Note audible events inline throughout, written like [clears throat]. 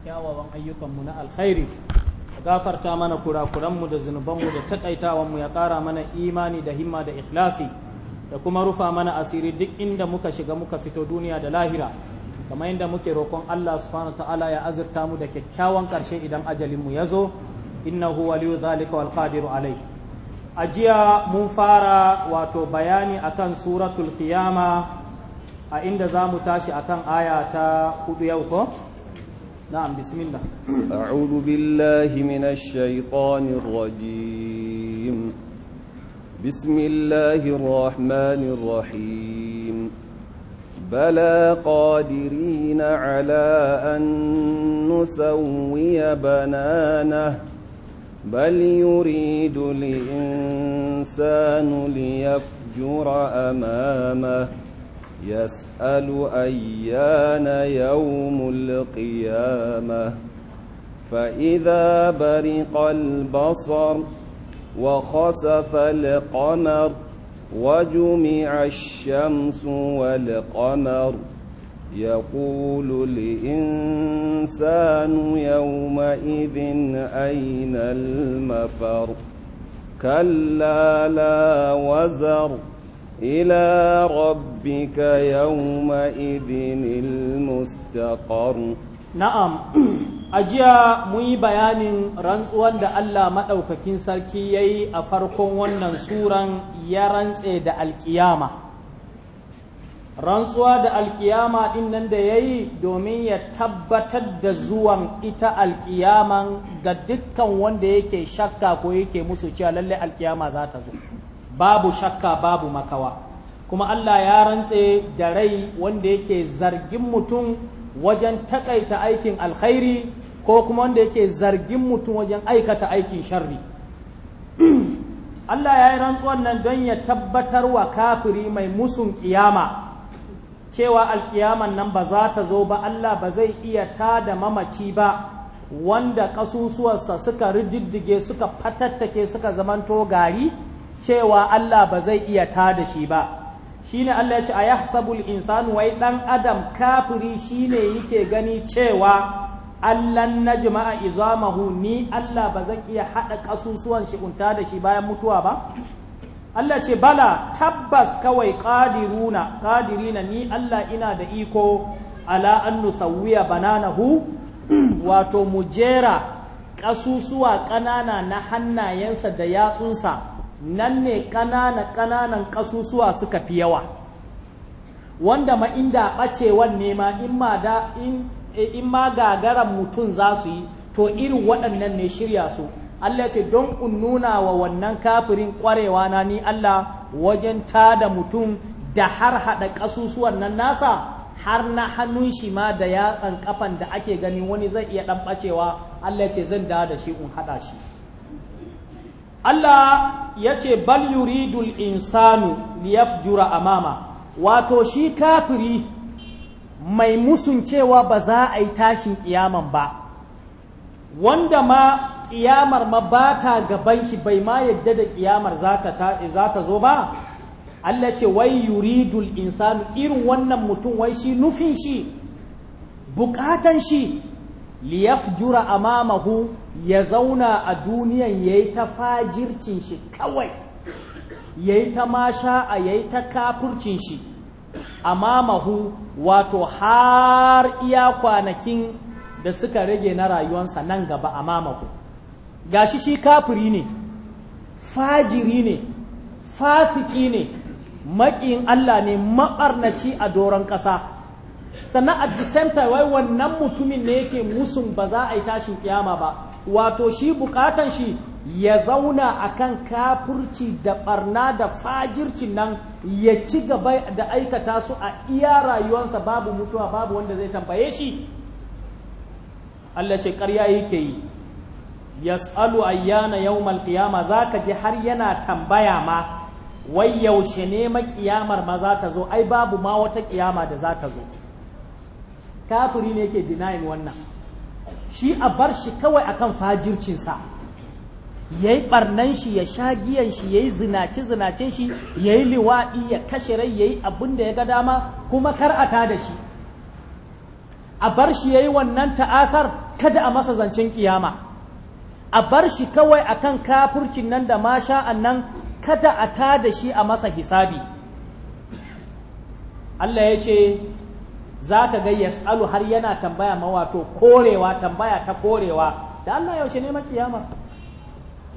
kyawawan ayyukanmu na alkhairi gafarta mana kurakuranmu da zunubanmu da takaitawanmu ya ƙara mana imani da himma da ikhlasi da kuma rufa mana asiri duk inda muka shiga muka fito duniya da lahira kamar yadda muke roƙon Allah subhanahu ta'ala ya azurta mu da kyakkyawan ƙarshe idan ajalinmu ya zo innahu waliyu zalika wal qadiru alayhi a jiya mun fara wato bayani akan suratul qiyama a inda za mu tashi akan aya ta hudu yau ko na'am bismillah a'udhu billahi minash shaitanir rajim bismillahir rahmanir rahim بلى قادرين على أن نسوي بنانه بل يريد الإنسان ليفجر أمامه يسأل أيان يوم القيامة فإذا برق البصر وخسف القمر وجمع الشمس والقمر يقول الإنسان يومئذ أين المفر كلا لا وزر إلى ربك يومئذ المستقر نعم ajiya mun yi bayanin rantsuwan da Allah maɗaukakin sarki ya yi a farkon wannan suran ya rantse da alkiyama rantsuwa da alkiyama din nan da ya yi domin ya tabbatar da zuwan ita alkiyaman ga dukkan wanda yake shakka ko yake musu cewa lalle alkiyama za ta zo babu shakka babu makawa kuma Allah ya rantse da rai wanda yake zargin mutum wajen takaita aikin alkhairi ko kuma wanda yake zargin mutum wajen aikata aikin sharri [clears throat] Allah ya yi rantsuwan nan don ya tabbatar wa kafiri mai musun kiyama cewa alkiyaman nan ba za ta zo ba Allah ba zai iya ta da mamaci ba wanda ƙasusuwarsa suka rididdige suka fatattake suka zamanto gari cewa Allah ba zai iya ta da shi ba shine Allah ya ce a yahsabul insanu wai ɗan adam kafiri ne yake gani cewa allan na jima'a izamahu ni Allah ba zan iya haɗa ƙasusuwan shi unta da shi bayan mutuwa ba Allah ce bala tabbas kawai qadiruna ni Allah ina da iko ala bana nusawwiya bananahu [clears throat] wato mujera ƙasusuwa ƙanana na hannayensa da yatsunsa nan ne ƙanana ƙananan ƙasusuwa suka fi yawa wanda ma inda ɓacewan nema ma in ma da in ma gagaran mutum za su yi to irin waɗannan ne shirya su Allah ce don in nuna wa wannan kafirin kwarewa na ni Allah wajen tada mutum da har haɗa ƙasusuwan nan nasa har na hannun shi ma da yatsan kafan da ake gani wani zai iya ɗan ɓacewa Allah ce zan dawo da shi in haɗa shi Allah ya ce bal yuridul insanu liyafjura amama wato shi kafiri mai musun cewa ba za a yi tashin ƙiyaman ba wanda ma ƙiyamar ma ba ta gaban shi bai ma yadda da ƙiyamar za ta zo ba Allah ce wai yuridul insanu irin wannan mutum wai shi nufin shi bukatan shi liyafjura amamahu ya zauna a duniyan yi ta fajircin shi kawai Ya yi ta ya yi ta kafurcin shi amamahu wato har iya kwanakin da suka rage na rayuwansa nan gaba a mamaku gashi shi kafiri ne fajiri ne fasiki ne maƙin Allah ne maɓarnaci a doron ƙasa sannan at the wai wannan mutumin ne yake musun ba za a yi tashin kiyama ba wato shi bukatan shi ya zauna a kan kafurci da barna da fajirci nan ya ci gaba da aikata su a iya rayuwarsa babu mutuwa babu wanda zai tambaye shi Allah ce ƙarya yake yi yas'alu ayyana yawmal qiyama zaka ji har yana tambaya ma wai yaushe ne maƙiyamar ma za ta zo ai babu ma wata ƙiyama da za ta zo kafiri ne yake denying wannan shi a bar shi kawai akan fajircinsa ya yi ɓarnan shi ya sha giyan shi yayi yi zinace shi yayi yi liwaɗi ya kashe rai yayi yi abin da ya ga dama kuma kar a ta da shi a bar shi yayi wannan ta'asar kada a masa zancen kiyama a bar shi kawai akan kafurcin nan da masha nan kada a ta da shi a masa hisabi Allah ya ce za ka ga yas'alu har yana tambaya mawato korewa tambaya ta korewa da Allah yaushe ne ma kiyama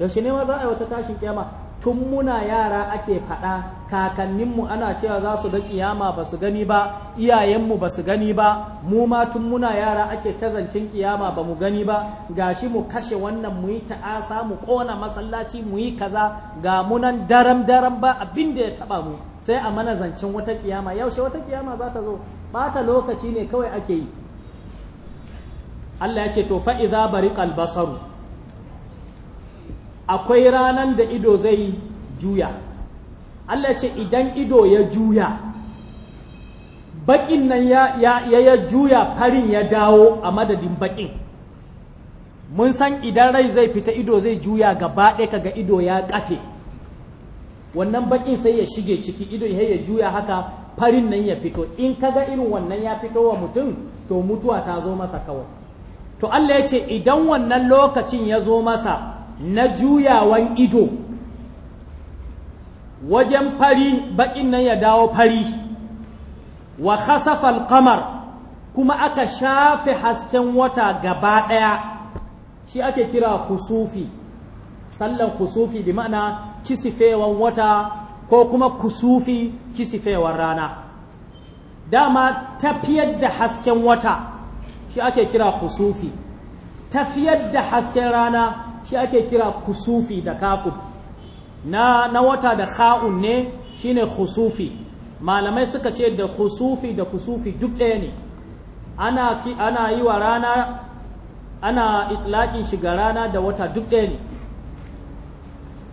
yaushe ne ma za a yi wata tashin kiyama tun muna yara ake faɗa kakanninmu ana cewa za su ga kiyama ba su gani ba iyayenmu ba su gani ba mu ma tun muna yara ake ta tazancin kiyama ba mu gani ba gashi mu kashe wannan mu yi ta'asa mu ƙona masallaci mu yi kaza ga munan daram daram ba abin da ya taba mu sai a mana zancen wata kiyama yaushe wata kiyama za ta zo ta lokaci ne kawai ake yi Allah ya ce to fa'iza bari basaru akwai ranan da ido zai juya Allah ce idan ido ya juya bakin nan ya, ya, ya juya farin ya dawo a madadin bakin mun san idan rai zai fita ido zai juya gaba ɗaya kaga ido ya ƙafe wannan bakin sai ya shige ciki ido ya juya haka farin nan ya fito in kaga irin wannan ya fito wa mutum to mutuwa ta zo masa kawai to Allah ya ce idan wannan lokacin ya zo masa na juyawan ido wajen fari bakin nan ya dawo fari wa khasafal qamar kuma aka shafe hasken wata gaba ɗaya shi ake kira kusufi sallan kusufi bi ma'ana kisifewan wata ko kuma kusufi kisifewan rana dama tafiyar da hasken wata shi ake kira kusufi tafiyar da hasken rana shi ake kira kusufi da kafu na, na wata da kha'un ne shine kusufi malamai suka ce da kusufi da kusufi duk ɗaya ne ana, yi wa rana ana itlaƙin shiga rana da wata duk ɗaya ne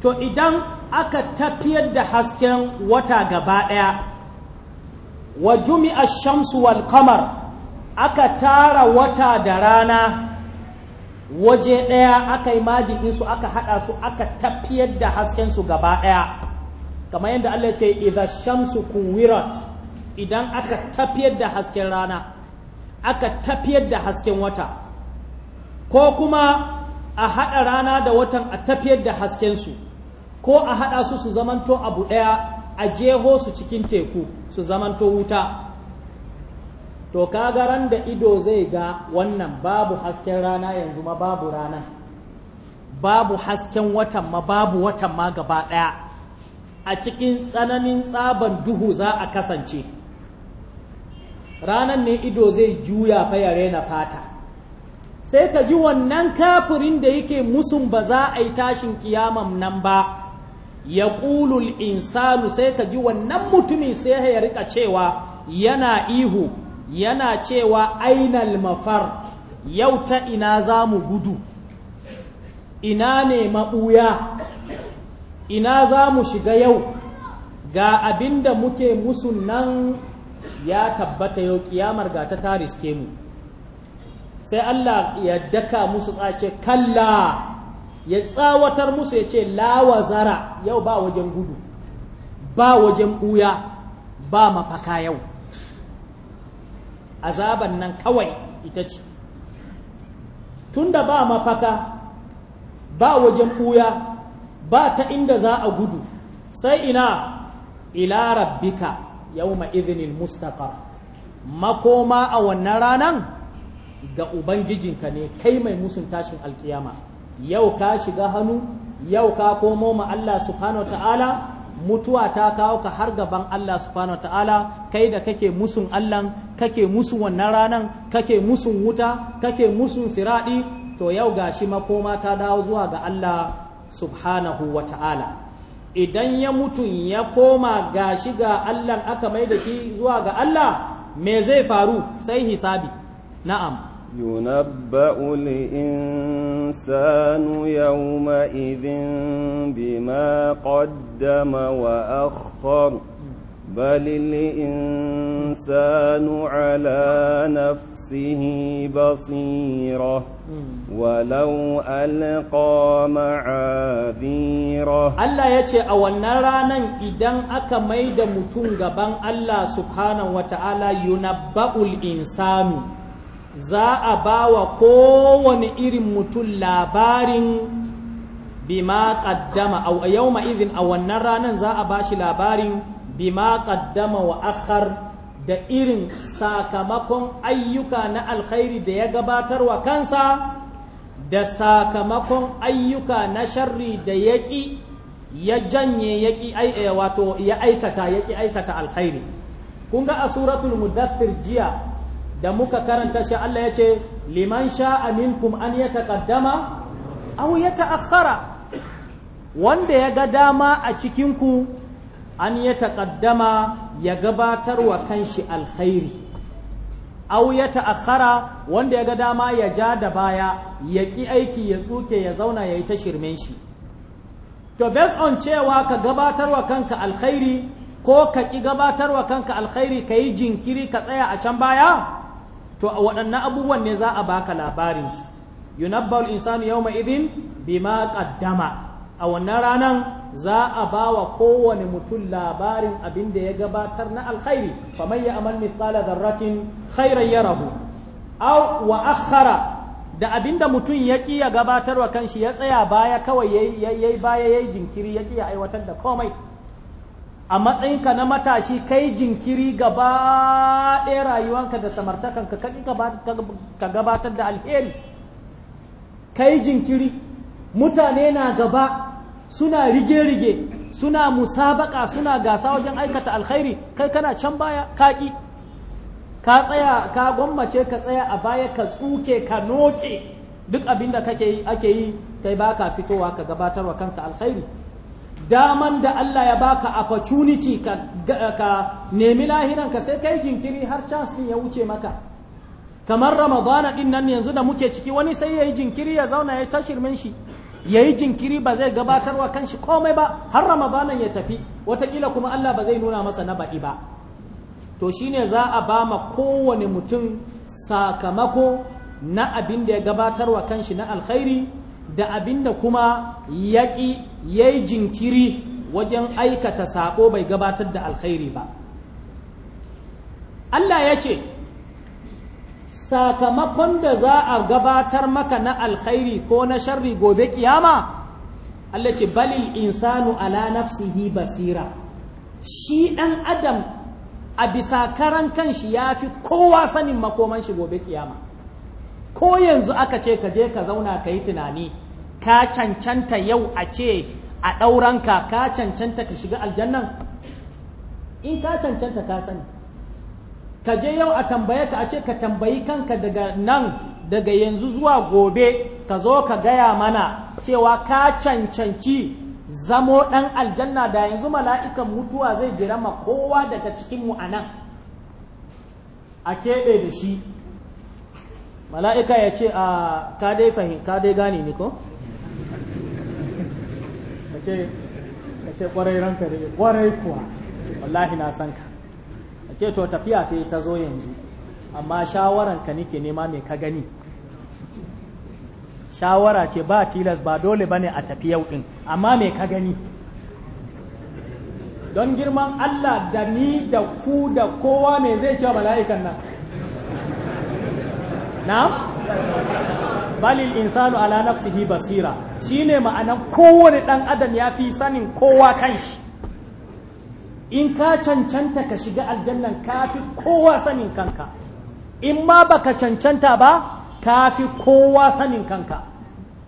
to idan aka tafiyar da hasken wata gaba ɗaya wa jumi'ar shamsu wal kamar aka tara wata da rana waje ɗaya aka yi majin su aka haɗa su aka tafiyar da hasken su gaba ɗaya kamar yadda Allah ce Idan shamsu kuwirat idan aka tafiyar da hasken rana aka tafiyar da hasken wata ko kuma a haɗa rana da watan a tafiyar da hasken su ko a haɗa su su zamanto abu ɗaya a jeho su cikin teku su zamanto wuta to kaga ran da ido zai ga wannan babu hasken rana yanzu ma babu rana babu hasken watan ma babu watan ma gaba ɗaya a cikin tsananin tsaban duhu za a kasance ranan ne ido zai juya fa ya rena fata sai ka ji wannan kafirin da yake musun ba za a yi tashin kiyaman nan ba ya ƙulul insanu sai ka ji wannan mutumin sai ya rika cewa yana ihu yana cewa ainal mafar yau ta ina za mu gudu ina ne maɓuya ina za mu shiga yau ga abin da muke musu nan ya tabbata yau kiyamar ga ta tariske mu sai Allah ya daka musu tsace kalla ya tsawatar musu ya ce lawa zara yau ba wajen gudu ba wajen ɓuya ba mafaka yau azaban nan kawai ita ce tunda ba mafaka ba wajen ɓuya ba ta inda za a gudu sai ina ila rabbika yawma idhnil mustaqar makoma a wannan ranan ga ubangijinka ne kai mai musun tashin alkiyama yau ka shiga hannu yau ka komo ma Allah subhanahu ta'ala mutuwa ta kawo ka har gaban Allah subhanahu ta'ala kai da kake musun Allah kake musu wannan ranan kake musun wuta kake musun siradi to yau gashi makoma ta dawo zuwa ga Allah subhanahu wa ta'ala idan ya mutu ya koma gashi ga Allah aka mai da shi zuwa ga Allah me zai faru sai hisabi na'am ينبأ الإنسان يومئذ بما قدم وأخر بل الإنسان على نفسه بصيرة ولو ألقى معاذيرة الله يتي أولنا رانا إدن أكا ميدا متون غبان الله سبحانه وتعالى ينبأ الإنسان za a ba wa kowane irin mutum labarin bima kaddama. a yau izin a wannan ranar za a ba shi labarin bima kaddama wa akhar da irin sakamakon ayyuka na alkhairi da ya gabatar wa kansa da sakamakon ayyuka na sharri da yaƙi ya janye yaƙi eh, wato ya aikata yaƙi aikata alkhairi kun ga a suratul mudaffir jiya da muka karanta shi Allah ya ce liman sha'a minkum an ya taqaddama aw ya ta'akhkhara wanda ya ga dama a cikinku an ya taqaddama ya gabatarwa kanshi alkhairi aw ya ta'akhkhara wanda ya ga dama ya ja da baya ya ki aiki ya tsuke ya zauna yayi ta shirmen shi to based on cewa ka gabatar wa kanka alkhairi ko ka ki gabatarwa kanka alkhairi ka jinkiri ka tsaya a can baya to waɗannan abubuwan ne za a baka labarinsu yunabbal insanu yawma idhin bima ƙaddama a wannan ranan za a ba wa kowane mutum labarin abin da ya gabatar na alkhairi faman ya'mal mithqala dharratin ya yarahu aw wa akhara da abinda mutum ya ƙi ya gabatarwa kanshi ya tsaya baya kawai yayi baya yayi jinkiri ya ƙi ya aiwatar da komai a matsayinka na matashi kai jinkiri gaba ɗaya rayuwanka da samartakanka ka gabatar da alheri kai jinkiri mutane na gaba suna rige-rige suna musabaka suna gasa wajen aikata alkhairi kai kana can baya kaki ka tsaya ka gwammace ka tsaya a baya ka tsuke ka noke duk abinda kake yi ake yi kai baka fitowa ka gabatarwa kanka alkhairi daman da Allah ya baka opportunity ka, ka nemi lahiran ka sai kai jinkiri har chance din ya wuce maka kamar ramadana din nan yanzu da muke ciki wani sai yayi jinkiri ya zauna ya tashirmin shi yayi jinkiri ba zai gabatarwa kanshi komai ba har ramadanan ya tafi watakila kuma Allah ba zai nuna masa na baɗi ba to shine za a ba ma kowane mutum sakamako na abin da ya wa kanshi na alkhairi da abinda kuma yaƙi ya yi jinkiri wajen aikata saƙo bai gabatar da alkhairi ba Allah ya ce sakamakon da za a gabatar maka na alkhairi ko na sharri gobe kiyama Allah ce balil insanu ala nafsihi basira shi ɗan adam a bisa karan kanshi ya fi kowa sanin makoman shi gobe kiyama ko yanzu aka ce ka je ka zauna ka yi tunani ka cancanta yau a ce a ɗauranka ka cancanta ka shiga aljannan in ka cancanta ka sani ka je yau a tambaye ka a ce ka tambayi kanka daga nan daga yanzu zuwa gobe ka zo ka gaya mana cewa ka cancanci zamo ɗan aljanna da yanzu mala'ikan mutuwa zai girama kowa daga cikinmu a nan a keɓe da shi mala'ika ya ce a ah, ka dai dai gane ni ko? ce ka ce kwarai ranka da kwarai kuwa wallahi na san ka a ce to tafiya ta yi ta zo yanzu amma shawaran ka nike nema mai ka gani shawara ce ba tilas ba dole bane a tafi yau din amma mai ka gani don girman Allah da ni da ku da kowa mai zai cewa mala'ikan nan na? balil insanu ala nafsihi basira shine ma'anan kowane dan adam ya fi sanin kowa kanshi in ka cancanta ka shiga aljannan ka fi kowa sanin kanka in ma baka cancanta ba ka fi kowa sanin kanka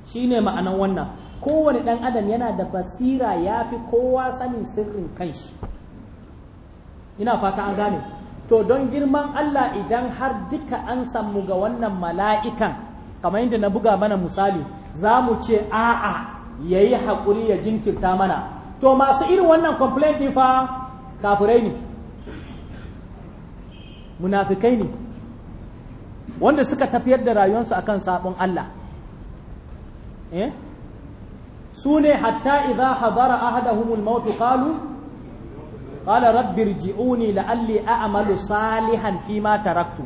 shine ma'anan wannan kowane dan adam yana da basira ya fi kowa sanin sirrin kanshi ina fata an gane to don girman Allah idan har duka an samu ga wannan mala'ikan kamar yadda na buga mana misali za mu ce a'a ya yi haƙuri ya jinkirta mana to masu irin wannan complaint ɗin fa kafirai ne munafikai ne wanda suka tafiyar da rayuwarsu akan sabon Allah eh su ne hatta idan hadara ahadahumul maut qalu qala rabbi irji'uni la'alli a'malu salihan fima taraktu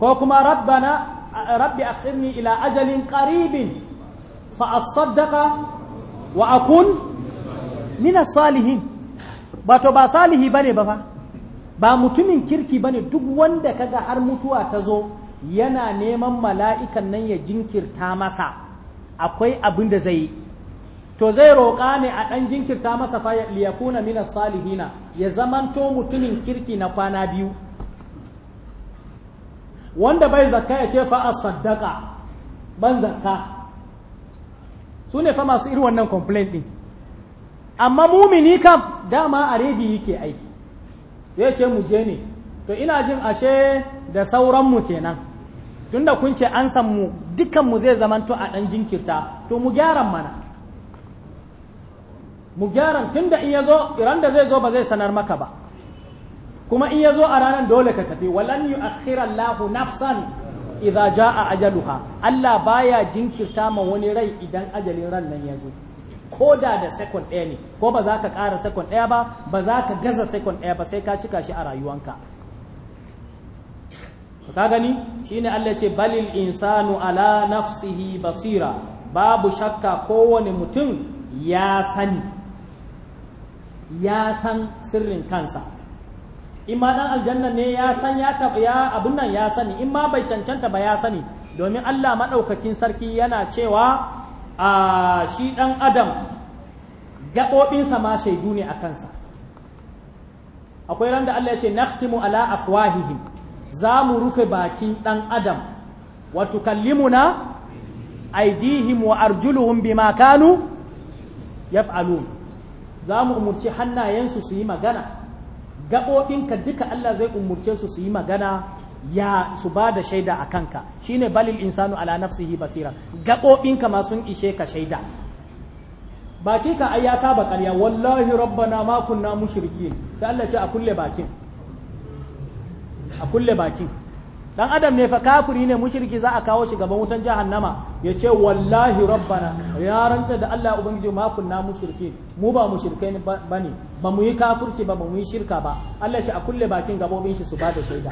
ko kuma rabbana rabbi akhirni ila ajalin qaribin fa asaddaqa wa akun min salihin ba ba salihi bane ba fa ba mutumin kirki bane duk wanda kaga har mutuwa ta zo yana neman mala'ikan nan ya jinkirta masa akwai abin da zai yi to zai roƙa ne a ɗan jinkirta masa fa liyakuna minas salihina ya zamanto mutumin kirki na kwana biyu wanda bai zakka ya ce fa'a saddaka ban zakka su ne fa masu iri wannan complaint ɗin amma mumini kam dama a redi yake aiki ya ce mu je ne to ina jin ashe da sauranmu kenan tunda kun ce an san mu dukanmu zai zamanto a ɗan jinkirta to mu gyaran mana mu gyaran tunda in ya zo iran da zai zo ba zai sanar maka ba kuma in ya zo a ranar dole ka tafi walan yu'akhkhira Allahu nafsan idza jaa ajaluha Allah baya jinkirta ma wani rai idan ajalin ran nan ya zo ko da da second ɗaya ne ko ba za ka ƙara second ɗaya ba ba za ka gaza second ɗaya ba sai ka cika shi a rayuwanka ka gani shine Allah ce balil insanu ala nafsihi basira babu shakka kowane mutum ya sani ya san sirrin kansa in ma dan aljanna ne ya san ya tabiya abun nan ya sani in ma bai cancanta ba ya sani domin Allah madaukakin sarki yana cewa a shi dan adam gaɓoɓinsa ma shaidu ne a kansa akwai ran da Allah ya ce naftimu ala afwahihim za mu rufe bakin dan adam wa tukallimuna aidihim wa arjuluhum bima kanu yaf'alun za mu umurci hannayensu su yi magana gaɓoɓinka duka Allah zai umurce su su yi magana ya su ba da shaida a kanka shine balil insanu ala nafsihi basira gaɓoɓinka ma sun ishe ka shaida baki ka ai ya saba ƙarya wallahi rabbana ma kunna mushrikin sai Allah ce a kulle bakin a kulle bakin dan adam ne fa kafiri ne mushriki za a kawo shi gaban wutan jahannama ya ce wallahi rabbana ya rantsa da Allah ubangiji ma kunna mushriki mu ba mushrikai bane ba mu yi kafirci ba ba mu yi shirka ba Allah shi a kulle bakin gabobin shi su ba da shaida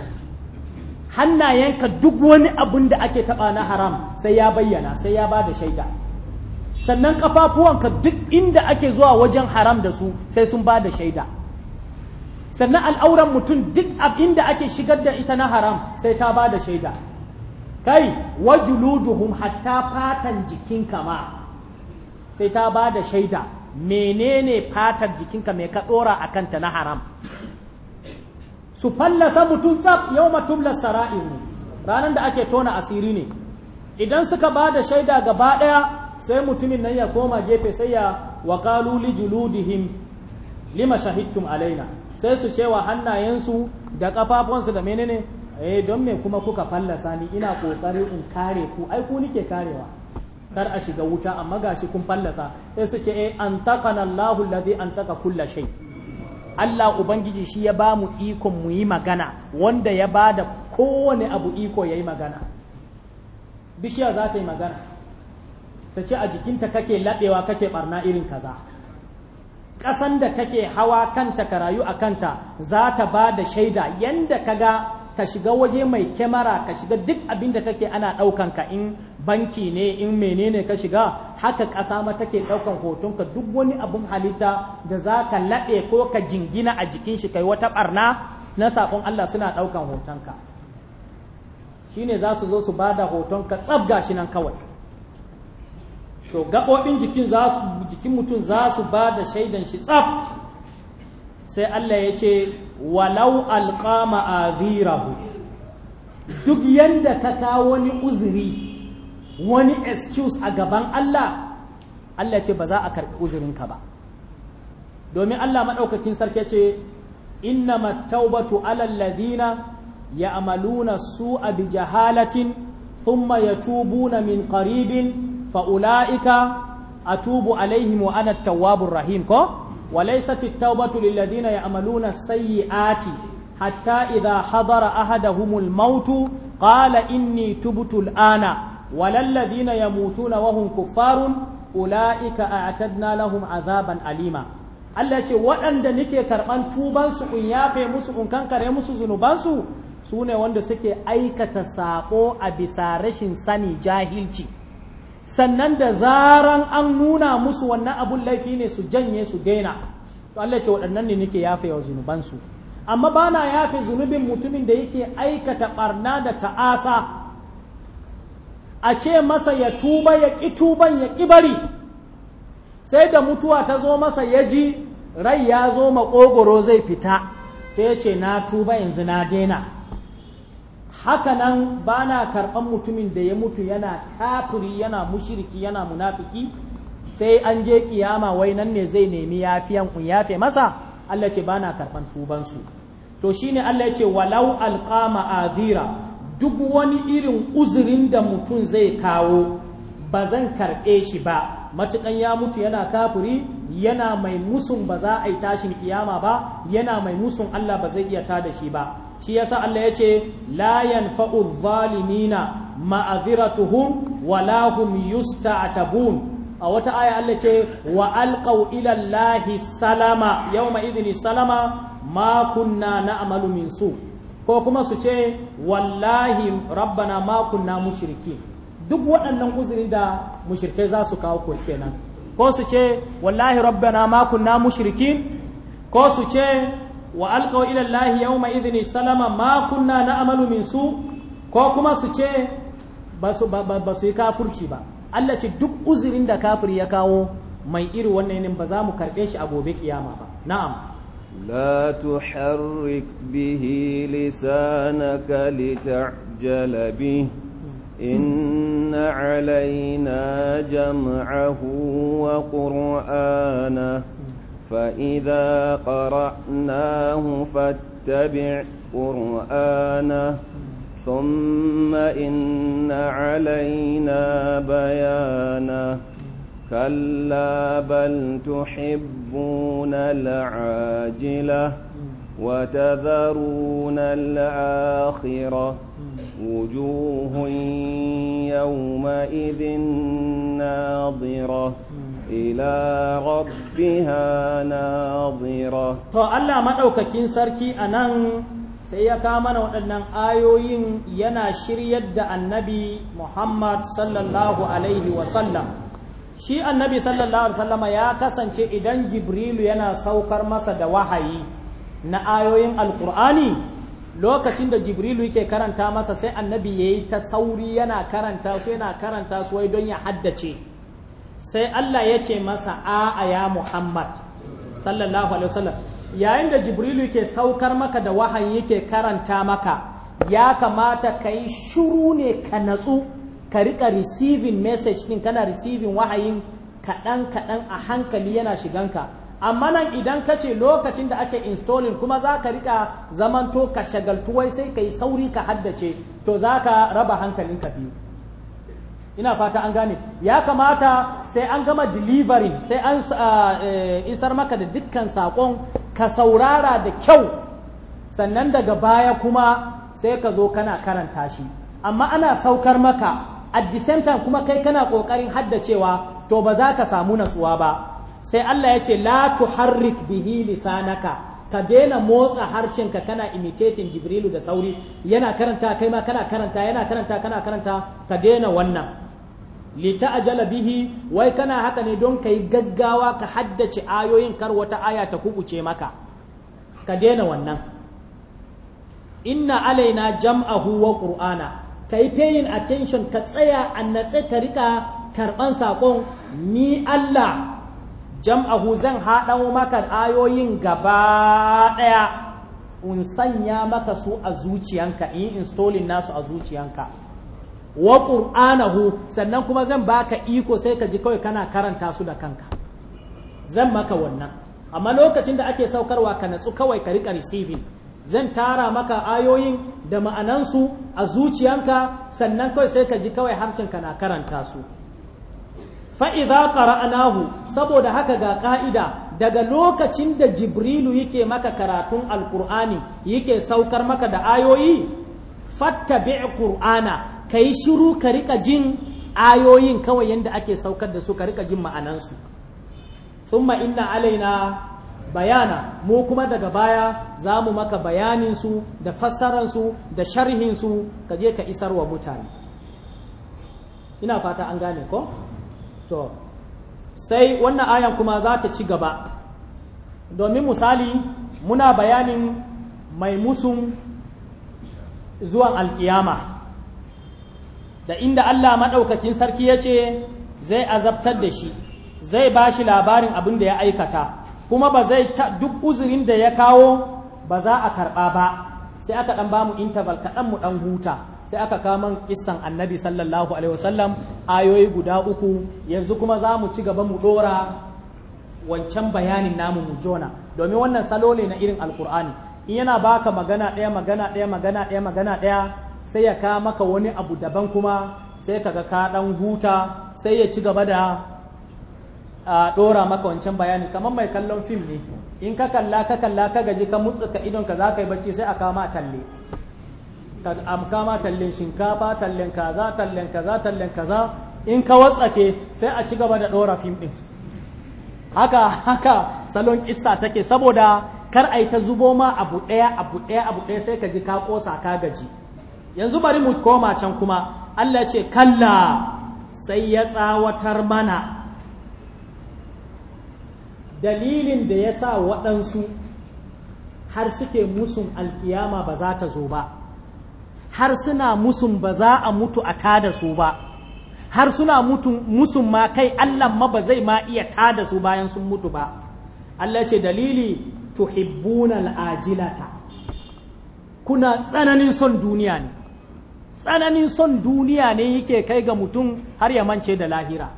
hannayenka duk wani abun da ake taba na haram sai ya bayyana sai ya ba da shaida sannan kafafuwanka duk inda ake zuwa wajen haram da su sai sun ba da shaida sannan al'auran mutum duk abinda ake shigar da ita na haram sai ta ba da shaida kai wajuluduhum hatta fatan jikinka ma sai ta ba da shaida menene fatar jikinka mai ka dora a kanta na haram su fallasa mutum tsab yau matublar sara'in ranar da ake tona asiri ne idan suka ba da shaida gaba ɗaya sai mutumin nan ya koma gefe sai ya waƙalu li juludihim lima shahittum alaina sai su ce wa hannayensu da kafafunsu da menene eh don me kuma kuka fallasa ni ina kokari in kare ku ai ku nike karewa kar a shiga wuta amma gashi kun fallasa sai su ce eh antaqana Allahu an antaka kulla shay Allah ubangiji shi ya ba mu ikon mu yi magana wanda ya ba da kowane abu iko yayi magana bishiya za ta yi magana ta ce a jikinta kake laɗewa kake barna irin kaza ƙasan da kake hawa kanta ka rayu a kanta za ta ba da shaida yadda ka ga ka shiga waje mai kyamara ka shiga duk abin da kake ana ɗaukan ka in banki ne in menene ka shiga haka ƙasa ma take ɗaukan hoton ka duk wani abin halitta da za ka laɗe ko ka jingina a jikin shi kai wata ɓarna na saƙon Allah suna ɗaukan hoton ka shine za su zo su bada hoton ka tsabga shi nan kawai to gaɓoɓin jikin mutum za su ba da shaidan shi tsaf sai Allah ya ce walau alƙama azirahu duk yadda ka kawo wani uzuri wani excuse a gaban Allah Allah ce ba za a karɓi uzurinka ba domin Allah maɗaukakin sarki ce innama taubatu alal ladina amaluna su bi jahalatin thumma yatubuna min qaribin fa'ula'ika a tubu alaihim wa ana tawwabur rahim ko walaisati taubatu lilladina ya'maluna sayyi'ati hatta idha hadara ahadahumul mautu qala inni tubtu al'ana walalladina ya mutuna wahun kuffarun ula'ika a'tadna lahum azaban alima Allah ce waɗanda nike karɓan tubansu in yafe musu in kankare musu zunubansu su ne wanda suke aikata saƙo a bisa rashin sani jahilci sannan da zaran an nuna musu wannan abun laifi ne su janye su daina to Allah ce waɗannan ne nake yafe wa zunubansu amma ba na yafe zunubin mutumin da yake aikata ɓarna da ta'asa a ce masa ya tuba ya ƙi tuban ya ƙi bari sai da mutuwa ta zo masa ya ji rai ya zo maƙogoro zai fita sai ya ce na tuba yanzu na daina hakanan ba na karɓan mutumin da ya mutu yana kafiri yana mushiriki yana munafiki sai an je kiyama wai nan ne zai nemi yafiyan un yafe masa Allah ce ba na karɓan tubansu to shine Allah ya ce walau alqama adira duk wani irin uzurin da mutum zai kawo ba zan karɓe shi ba matukan ya mutu yana kafuri yana mai musun ba za a yi tashin kiyama ba yana mai musun Allah ba zai iya tada shi ba shi yasa Allah ya ce la yanfa'u zalimina ma'adhiratuhum wala hum yusta'tabun a wata aya Allah ce wa alqaw ila Allahi salama yawma idhni salama ma kunna na'malu min su ko kuma su ce wallahi rabbana ma kunna mushrikin duk waɗannan uzuri da mushrikai za su kawo ko kenan ko su ce wallahi rabbana ma kunna mushrikin ko su ce wa alqaw ila allahi yawma idhni salama ma kunna na'malu min su ko kuma su ce ba su yi kafurci ba Allah ce duk uzurin da kafir ya kawo mai iri wannan ne ba za mu karɓe shi a gobe kiyama ba na'am لا تحرك به لسانك لتعجل به إن علينا جمعه وقرآنه فإذا قرأناه فاتبع قرآنه ثم إن علينا بيانه كلا بل تحبون العاجلة وتذرون الآخرة وجوه يومئذ ناظرة إلى ربها ناظرة to Allah maɗaukakin sarki anan nan sai ya kama waɗannan ayoyin yana shiryar da annabi Muhammad sallallahu shi annabi sallallahu ya kasance idan Jibrilu yana saukar masa da wahayi na ayoyin alkur'ani lokacin da jibrilu yake karanta masa sai annabi ya yi ta sauri yana karanta su yana karanta su wai don ya haddace sai Allah ya ce masa a'a ya Muhammad sallallahu alaihi wasallam yayin da jibrilu yake saukar maka da wahayi yake karanta maka ya kamata ka yi shuru ne ka natsu ka rika receiving message din kana receiving wahayin kaɗan kaɗan a hankali yana shiganka amma nan idan ka ce lokacin da ake installing kuma za ka rika zamanto ka shagaltuwai sai ka yi sauri ka haddace to za ka raba hankalinka biyu ina fata an gane ya kamata sai an gama delivery sai an eh, isar maka da dukkan sakon ka saurara da kyau sannan daga baya kuma sai ka zo kana karanta shi amma ana saukar maka at the same time kuma kai kana kokarin haddacewa to ba za ka samu natsuwa ba sai Allah ya ce la tuharrik bihi lisanaka ka daina motsa harcinka kana imitating jibrilu da sauri yana karanta kai ma kana karanta yana karanta kana karanta ka daina wannan ta'jala bihi wai kana haka ne don kai gaggawa ka haddace ayoyin kar wata aya ta kubuce maka ka daina wannan inna alaina jam'ahu wa qur'ana kai paying attention ka tsaya a natse ka rika karban sakon ni Allah jam'ahu zan haɗa maka ayoyin gaba ɗaya in sanya maka su a zuciyanka in installin nasu a zuciyanka wa ƙur'anahu sannan kuma zan baka iko sai ka ji kawai kana karanta su da kanka zan maka wannan amma lokacin da ake saukarwa ka natsu kawai ka riƙa receiving zan tara maka ayoyin da ma'anansu a zuciyanka sannan kawai sai ka ji kawai harshenka na karanta su fa'iza qara'nahu saboda haka ga ƙa'ida daga lokacin da jibrilu yake maka karatun alkur'ani yake saukar maka da ayoyi fatta fattabi' ka yi shiru ka rika jin ayoyin kawai yadda ake saukar da su ka rika jin ma'anansu thumma inna alaina bayana mu kuma daga baya za mu maka bayaninsu da fassararsu da sharhinsu ka je ka isarwa mutane ina fata an gane ko to sai wannan ayan kuma za ta ci gaba domin misali muna bayanin mai musun zuwan alkiyama da inda Allah maɗaukakin sarki ya ce zai azabtar da shi zai ba shi labarin abin da ya aikata kuma ba zai duk uzurin da ya kawo ba za a karɓa ba sai aka ɗan ba mu interval kaɗan mu ɗan huta sai aka kaman kissan annabi sallallahu alaihi wasallam ayoyi guda uku yanzu kuma za mu ci gaba mu dora wancan bayanin namu mu jona domin wannan salo ne na irin alkur'ani in yana baka magana ɗaya magana ɗaya magana ɗaya magana ɗaya sai ya ka maka wani abu daban kuma sai kaga ka ɗan huta sai ya ci gaba da ɗora maka wancan bayani kamar mai kallon fim ne in ka kalla ka kalla ka gaji ka mutsuka idon ka za ka yi bacci sai a kama talle amkama tallin shinkafa tallin kaza tallin kaza tallin kaza in ka watsake sai a ci gaba da dora fim ɗin haka haka salon kissa take saboda kar a ta zubo ma abu ɗaya abu ɗaya abu ɗaya sai ka ji ka kosa ka gaji yanzu bari mu koma can kuma Allah ce kalla sai ya tsawatar mana dalilin da ya sa waɗansu har suke musun alkiyama ba za ta zo ba har suna musun ba za a mutu a tada su ba har suna musun ma kai Allah ma ba zai ma iya tada su bayan sun mutu ba Allah ce dalili tuhibbuna ajilata kuna tsananin son duniya ne tsananin son duniya ne yake kai ga mutum har ya mance da lahira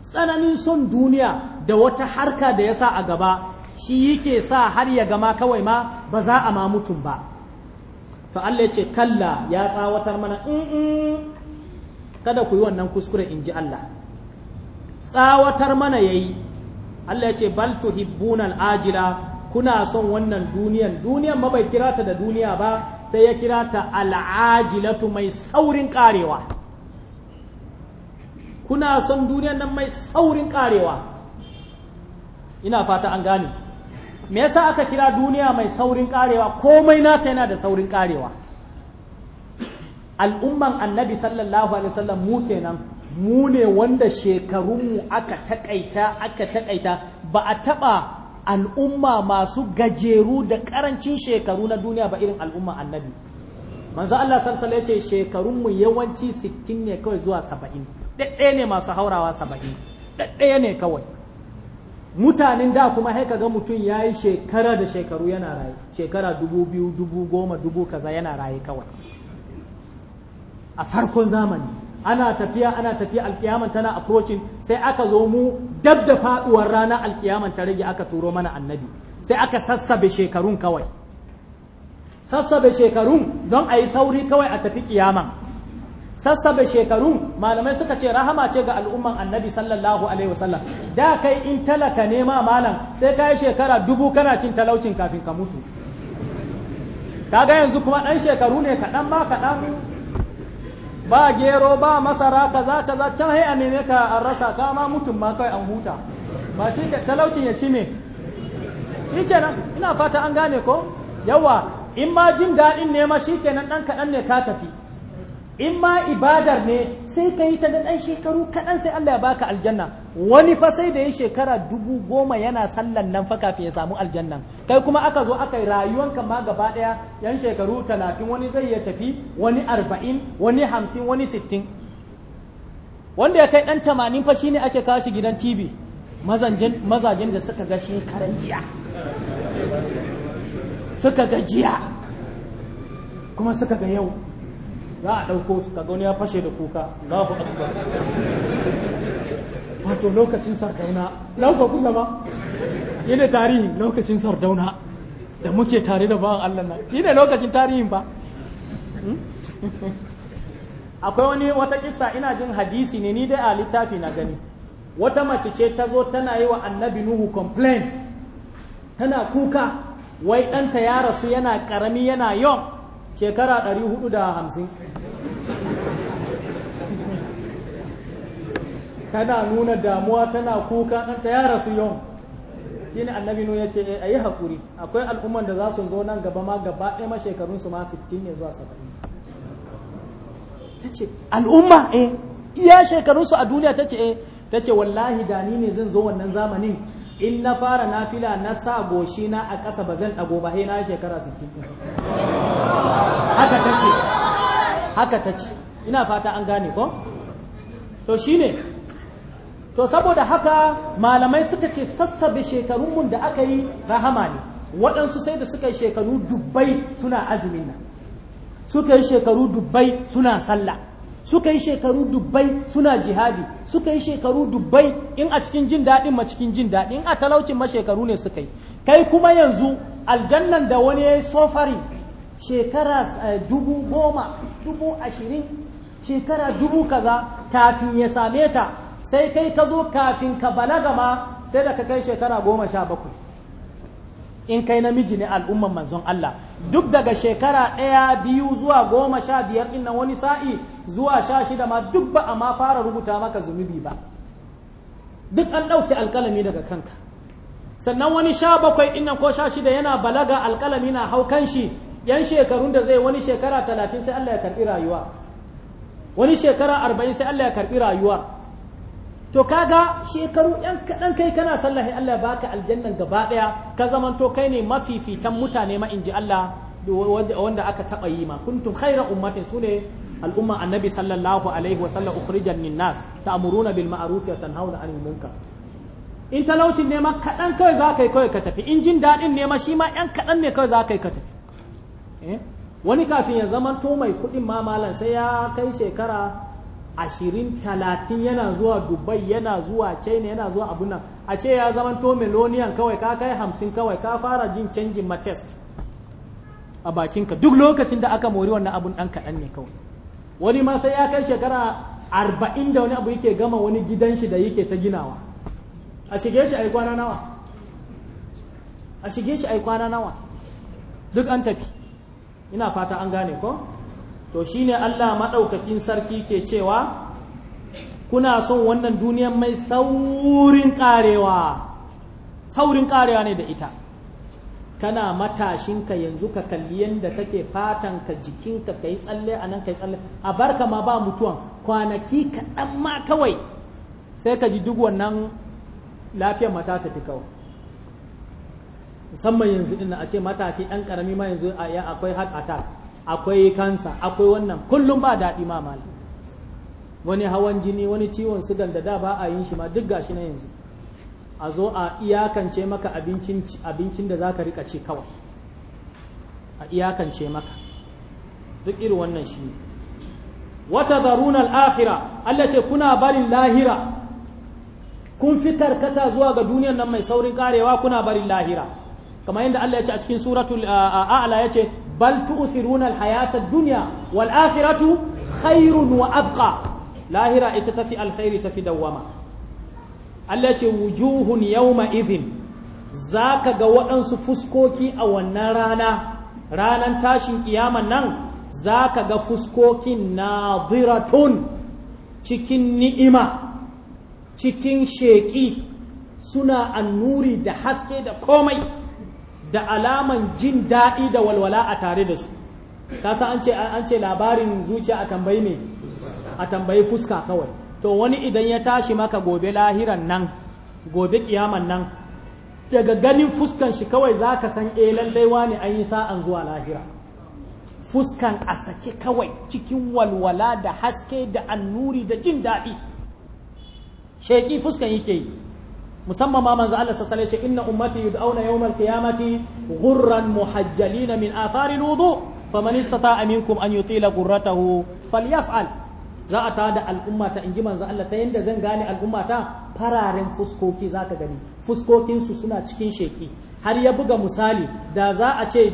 tsananin son duniya da wata harka da ya sa a gaba shi yake sa har ya gama kawai ma ba za a ma mutum ba to Allah ya ce kalla ya tsawatar mana kada ku yi wannan kuskure in ji Allah tsawatar mana ya yi. Allah ya ce bal hibbunan ajila kuna son wannan duniyan duniyan ma bai kira ta da duniya ba sai ya kira ta al'ajilatu mai saurin karewa kuna son duniyan nan mai saurin karewa ina fata an gane me yasa aka kira duniya mai saurin karewa komai nata yana da saurin karewa al'umman annabi sallallahu alaihi wasallam mu kenan mu ne wanda shekarunmu aka takaita aka takaita ba a taba al'umma masu gajeru da karancin shekaru na duniya ba irin al'umman annabi manzo Allah sallallahu alaihi wasallam ya ce shekarunmu yawanci 60 ne kawai zuwa 70 ɗaɗɗaya ne masu haurawa 70 ɗaɗɗaya ne kawai mutanen da kuma haika ga mutum ya yi shekara da shekaru yana raye shekara dubu biyu dubu goma dubu kaza yana raye kawai a farkon zamani ana tafiya ana tafiya alkiyaman tana approaching sai aka zo mu dab da faduwar rana alkiyaman ta rage aka turo mana annabi sai aka sassabe shekarun kawai sassabe shekarun don a yi sauri kawai a tafi kiyaman sassabe shekaru malamai suka ce rahama ce ga al'umman annabi sallallahu alaihi wasallam da kai in talaka ne ma malam sai ka yi shekara dubu kana cin talaucin kafin ka mutu kaga yanzu kuma ɗan shekaru ne kaɗan ba kaɗan ba gero ba masara kaza kaza can hai a ka an rasa ka ma mutum ma kai an huta ba shi talaucin ya ci me ina fata an gane ko yawa in ma jin daɗin nema shikenan ɗan kaɗan ne ka tafi in ma ibadar ne sai ka yi ta da ɗan shekaru kaɗan sai Allah ya baka aljanna wani fa sai da ya shekara dubu goma yana sallan nan fa kafin ya samu aljanna kai kuma aka zo aka yi rayuwanka ma gaba ɗaya yan shekaru talatin wani zai ya tafi wani arba'in wani hamsin wani sittin wanda ya kai ɗan tamanin fa shi ne ake kawo shi gidan tv mazajen da suka ga shekaran jiya suka ga jiya kuma suka ga yau za a ɗauko su kaga wani ya fashe da kuka za ku akbar wato lokacin sardauna lauka kusa ba yi tarihin lokacin sardauna da muke tare da bawan allah nan yi lokacin tarihin ba hmm? [laughs] akwai wani wata kisa ina jin hadisi ne ni dai a littafi na gani wata mace ce ta zo tana yi wa annabi nuhu complain tana kuka wai ɗanta ya rasu yana ƙarami yana yau. shekara 450 tana nuna damuwa tana kuka ta ya rasu yau shi ne annabi nuna ya ce eh, a yi haƙuri akwai al'umman da za su zo nan gaba ma gaba ɗaya ma shekarun su ma 60 ne zuwa 70 ta ce al'umma eh iya shekarun su a duniya ta ce eh ta ce wallahi da ni ne zan zo wannan zamanin in na fara nafila na sa goshi na a ƙasa ba zan ɗago ba na shekara 60 haka ta ce haka ta ce ina fata an gane ko to shine to saboda haka malamai suka ce sassabe shekarunmu da aka yi rahama ne waɗansu sai da suka yi shekaru dubbai suna azumin nan suka yi shekaru dubbai suna sallah suka yi shekaru dubbai suna jihadi suka yi shekaru dubbai in a cikin jin daɗin ma cikin jin daɗin a talaucin ma shekaru ne suka yi kai kuma yanzu aljannan da wani ya yi sofari shekara eh, dubu goma dubu ashirin shekara dubu kaza kafin ya same ta sai kai ka zo kafin ka balaga ma sai da ka kai shekara goma sha bakwai in kai namiji ne al'umman manzon Allah duk daga shekara ɗaya biyu zuwa goma sha biyar ɗin wani sa'i zuwa sha shida ma duk ba a ma fara rubuta maka zunubi ba duk an ɗauki alƙalami daga kanka sannan wani sha bakwai ɗin ko sha shida yana balaga alƙalami na hau kan shi yan shekarun da zai wani shekara talatin sai Allah ya karɓi rayuwa wani shekara arba'in sai Allah ya karɓi rayuwa to kaga shekaru ɗan kaɗan kai kana sallah Allah baka aljannan gaba ɗaya ka zamanto kai ne mafifitan mutane ma ji Allah wanda aka taɓa yi ma kuntum khaira ummatin ne al'umma annabi sallallahu alaihi wa sallam ukhrijan min nas ta'muruna bil ma'ruf wa tanhauna 'anil munkar in talaucin ne ma kaɗan kawai za ka yi kawai ka tafi in jin daɗin ne ma shi ma ‘yan kaɗan ne kawai za ka yi ka tafi eh? wani kafin ya zama mai kuɗin ma malam sai ya kai shekara ashirin talatin yana zuwa dubai yana zuwa china yana zuwa abu nan a ce ya to miloniyan kawai ka kai hamsin kawai ka fara jin canjin ma test a bakinka duk lokacin da aka mori wannan abun dan kaɗan ne kawai wani ma sai ya kai shekara arba'in da wani abu yake gama wani gidan shi da yake ta ginawa a shige shi ai kwana nawa a shige shi ai kwana nawa duk an tafi ina fata an gane ko to shi ne Allah maɗaukakin sarki ke cewa kuna son wannan duniyan mai saurin ƙarewa saurin ƙarewa ne da ita kana matashinka yanzu ka kalli yadda kake fatan ka jikinka ka yi tsalle a nan ka yi tsalle a barka ma ba mutuwan kwanaki kaɗan ma kawai sai ka ji duk wannan lafiyar mata tafi kawai musamman yanzu ina a ce matashi ɗan ƙarami ma yanzu a akwai heart attack akwai kansa akwai wannan kullum ba daɗi ma malam wani hawan jini wani ciwon sugan da da ba a yin shi ma duk gashi na yanzu a zo a iyakance maka abincin abincin da zaka rika ci kawai a iyakance maka duk irin wannan shi wata zaruna al'afira Allah ce kuna barin lahira kun fi karkata zuwa ga duniyar nan mai saurin karewa kuna barin lahira kamar yadda Allah ya ce a cikin suratul a'la ya ce bal tu'thiruna al-hayata ad-dunya wal akhiratu khairun wa abqa lahira ita tafi alkhairi tafi dawama Allah ce wujuhun yawma idhin zaka ga waɗansu fuskoki a wannan rana ranan tashin ƙiyama nan zaka ga fuskokin nadiratun cikin ni'ima cikin sheƙi suna annuri da haske da komai da alaman jin daɗi da walwala a tare da su kasa an ce an ce labarin zuciya a tambayi ne. a tambayi fuska kawai to wani idan ya tashi maka gobe lahiran nan gobe kiyaman nan daga ganin fuskan shi kawai za ka san eh lallai wani an yi sa'an zuwa lahira fuskan a sake kawai cikin walwala da haske da annuri da jin daɗi sheƙi fuskan yake yi musamman ma manzo Allah sallallahu alaihi wasallam inna ummati yud'auna yawmal qiyamati ghurran muhajjalin min athari wudu faman istata'a minkum an yutila ghurratahu falyaf'al za a tada al'umma ta inji manzo Allah ta yanda zan gane al'umma ta fararen fuskoki zaka gani fuskokin su suna cikin sheki har ya buga misali da za a ce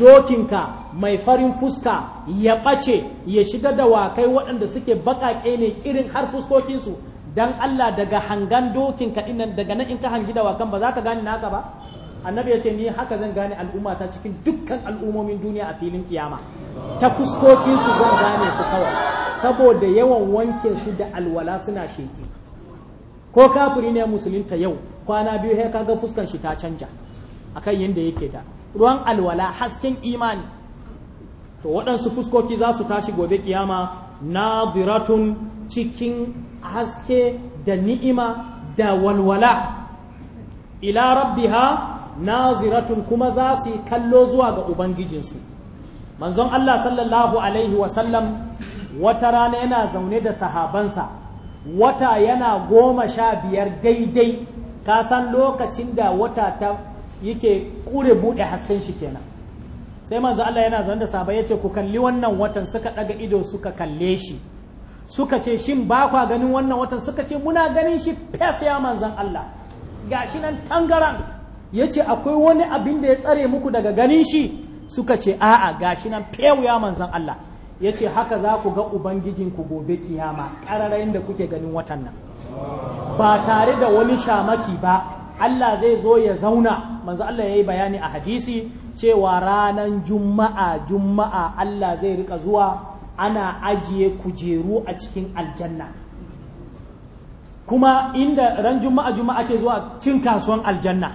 dokinka mai farin fuska ya ɓace ya shiga da wakai waɗanda suke baƙaƙe ne kirin har fuskokinsu dan Allah daga hangan dokin ka dinnan daga nan in ka hangi dawakan ba za ka gane naka ba annabi ya ce ni haka zan gane al'umma ta cikin dukkan al'ummomin duniya a filin kiyama ta fuskokin su zan gane su kawai saboda yawan wanke su da alwala suna sheki ko kafiri ne musulunta yau kwana biyu sai kaga fuskan shi ta canja akan yanda yake da ruwan alwala hasken imani to waɗansu fuskoki za su tashi gobe kiyama nadiratun cikin A haske da ni'ima da walwala ila rabbiha naziratun kuma za su yi kallo zuwa ga ubangijinsu manzon Allah sallallahu alaihi wasallam wata rana yana zaune da sahabansa wata yana goma sha biyar daidai ka san lokacin da wata ta yake kure bude hasken shi kenan sai manzo Allah yana zaune da sahabai yace ku kalli wannan watan suka daga ido suka kalle shi suka ce shin ba kwa ganin wannan watan suka ce muna ganin shi fes ya manzan Allah gashi nan tangaran ya ce akwai wani abin da ya tsare muku daga ganin shi suka ce a'a shi nan fewu ya manzan Allah ya ce haka za ku ga ku gobe kiyama ƙararrayin da kuke ganin watan nan ba tare da wani shamaki ba Allah zai zo ya zauna manzo Allah ya yi bayani a hadisi cewa ranar juma'a juma'a Allah zai rika zuwa ana ajiye kujeru a cikin aljanna kuma inda ran juma'a juma'a ke zuwa cin kasuwan aljanna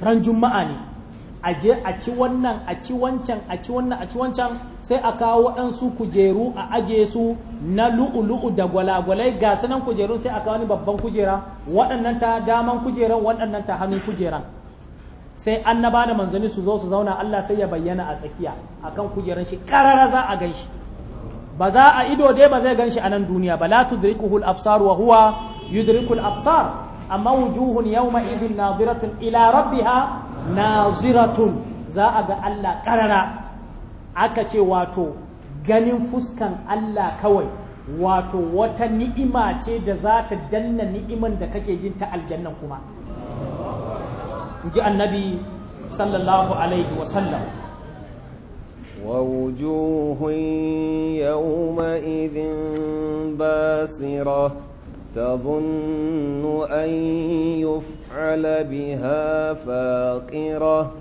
ran juma'a ne a je a ci wannan a ci wancan a ci wannan a ci wancan sai a kawo waɗansu kujeru a ajiye su na lu'ulu'u da gwalagwalai ga sanan kujeru sai a kawo ni babban kujera waɗannan ta daman kujeran waɗannan ta hannun kujeran sai an annaba da manzanni su zo su zauna Allah sai ya bayyana a tsakiya akan kujeran shi karara za a gan shi ba za a ido dai ba zai ganshi a nan duniya ba la tudrikuhu al-absar wa huwa yudrikul al-absar amma wujuhun yawma idhin nadiratun ila rabbiha naziratun za a ga Allah karara aka ce wato ganin fuskan Allah kawai wato wata ni'ima ce da za ta danna ni'iman da kake jin ta aljannan kuma in ji annabi sallallahu alaihi sallam. ووجوه يومئذ باسرة تظن أن يفعل بها فاقرة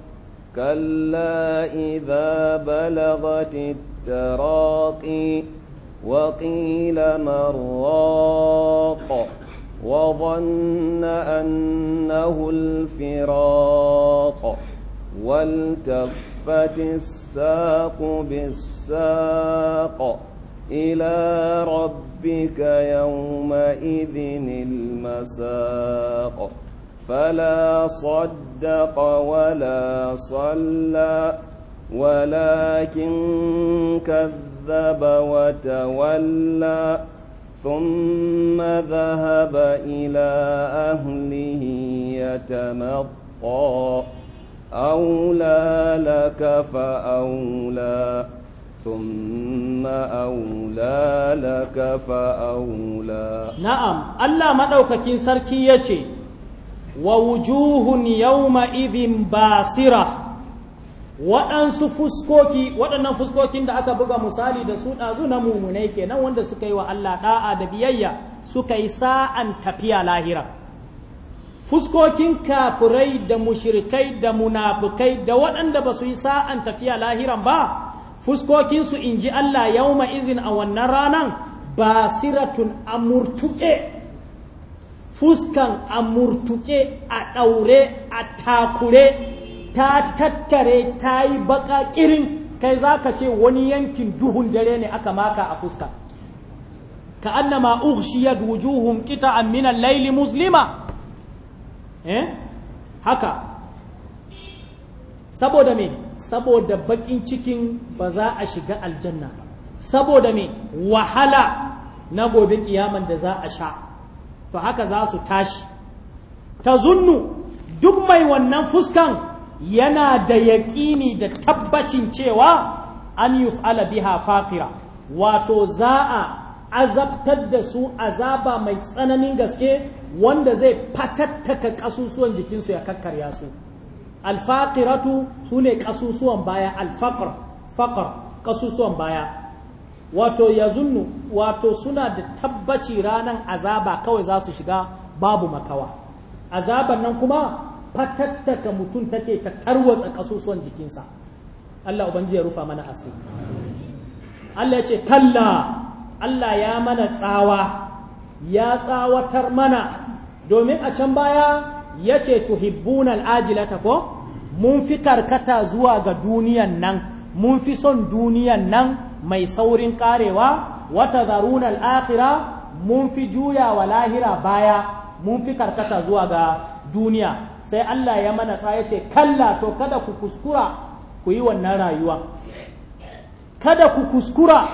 كلا إذا بلغت التراقي وقيل مراق وظن أنه الفراق والتفت الساق بالساق إلى ربك يومئذ المساق فلا صدق ولا صلى ولكن كذب وتولى ثم ذهب إلى أهله يتمطى أولى لك فأولى ثم أولى لك فأولى نعم ألا مدوك كين سركية ووجوه يومئذ باسرة waɗansu fuskoki waɗannan fuskokin da aka buga misali da su ɗazu na mumunai kenan wanda suka yi wa Allah ɗa'a da biyayya suka yi sa'an tafiya lahira fuskokin kafurai da mushrikai da munafukai da waɗanda ba su yi sa'an tafiya lahiran ba fuskokinsu in ji Allah yauma izin a wannan ranan basiratun amurtuke fuskan amurtuke a ɗaure a takure ta tattare ta yi baƙaƙirin kai za ka ce wani yankin duhun dare ne aka maka a fuska ka annama ughshiyat wujuhum qita'an min al-layli muslima eh haka saboda me saboda bakin cikin ba za a shiga aljanna ba saboda me wahala na gobe kiyaman da za a sha to haka za su tashi ta zunnu duk mai wannan fuskan yana da yaƙini da tabbacin cewa an yuf'ala biha faqira wato za a azabtar da su azaba mai tsananin gaske wanda zai fatattaka kasusuwan jikinsu ya kakkarya su Alfaqiratu su ne ƙasusuwan baya alfaqr faqr kasusuwan baya wato yazunnu wato suna da tabbaci ranan azaba kawai za su shiga babu makawa azaban nan kuma fatattaka mutum take ta tarwatsa kasusuwan jikinsa Allah Ubangiji ya rufa mana asiri Allah ya ce kalla Allah ya mana tsawa ya tsawatar mana domin a can baya ya ce tuhibbunal ajilata ko mun fi karkata zuwa ga duniyan nan mun fi son duniyan nan mai saurin karewa wata garunal akhira mun fi juya wa lahira baya mun fi karkata zuwa ga duniya sai Allah ya mana ya ce kalla to kada ku kuskura ku yi wannan rayuwa kada ku kuskura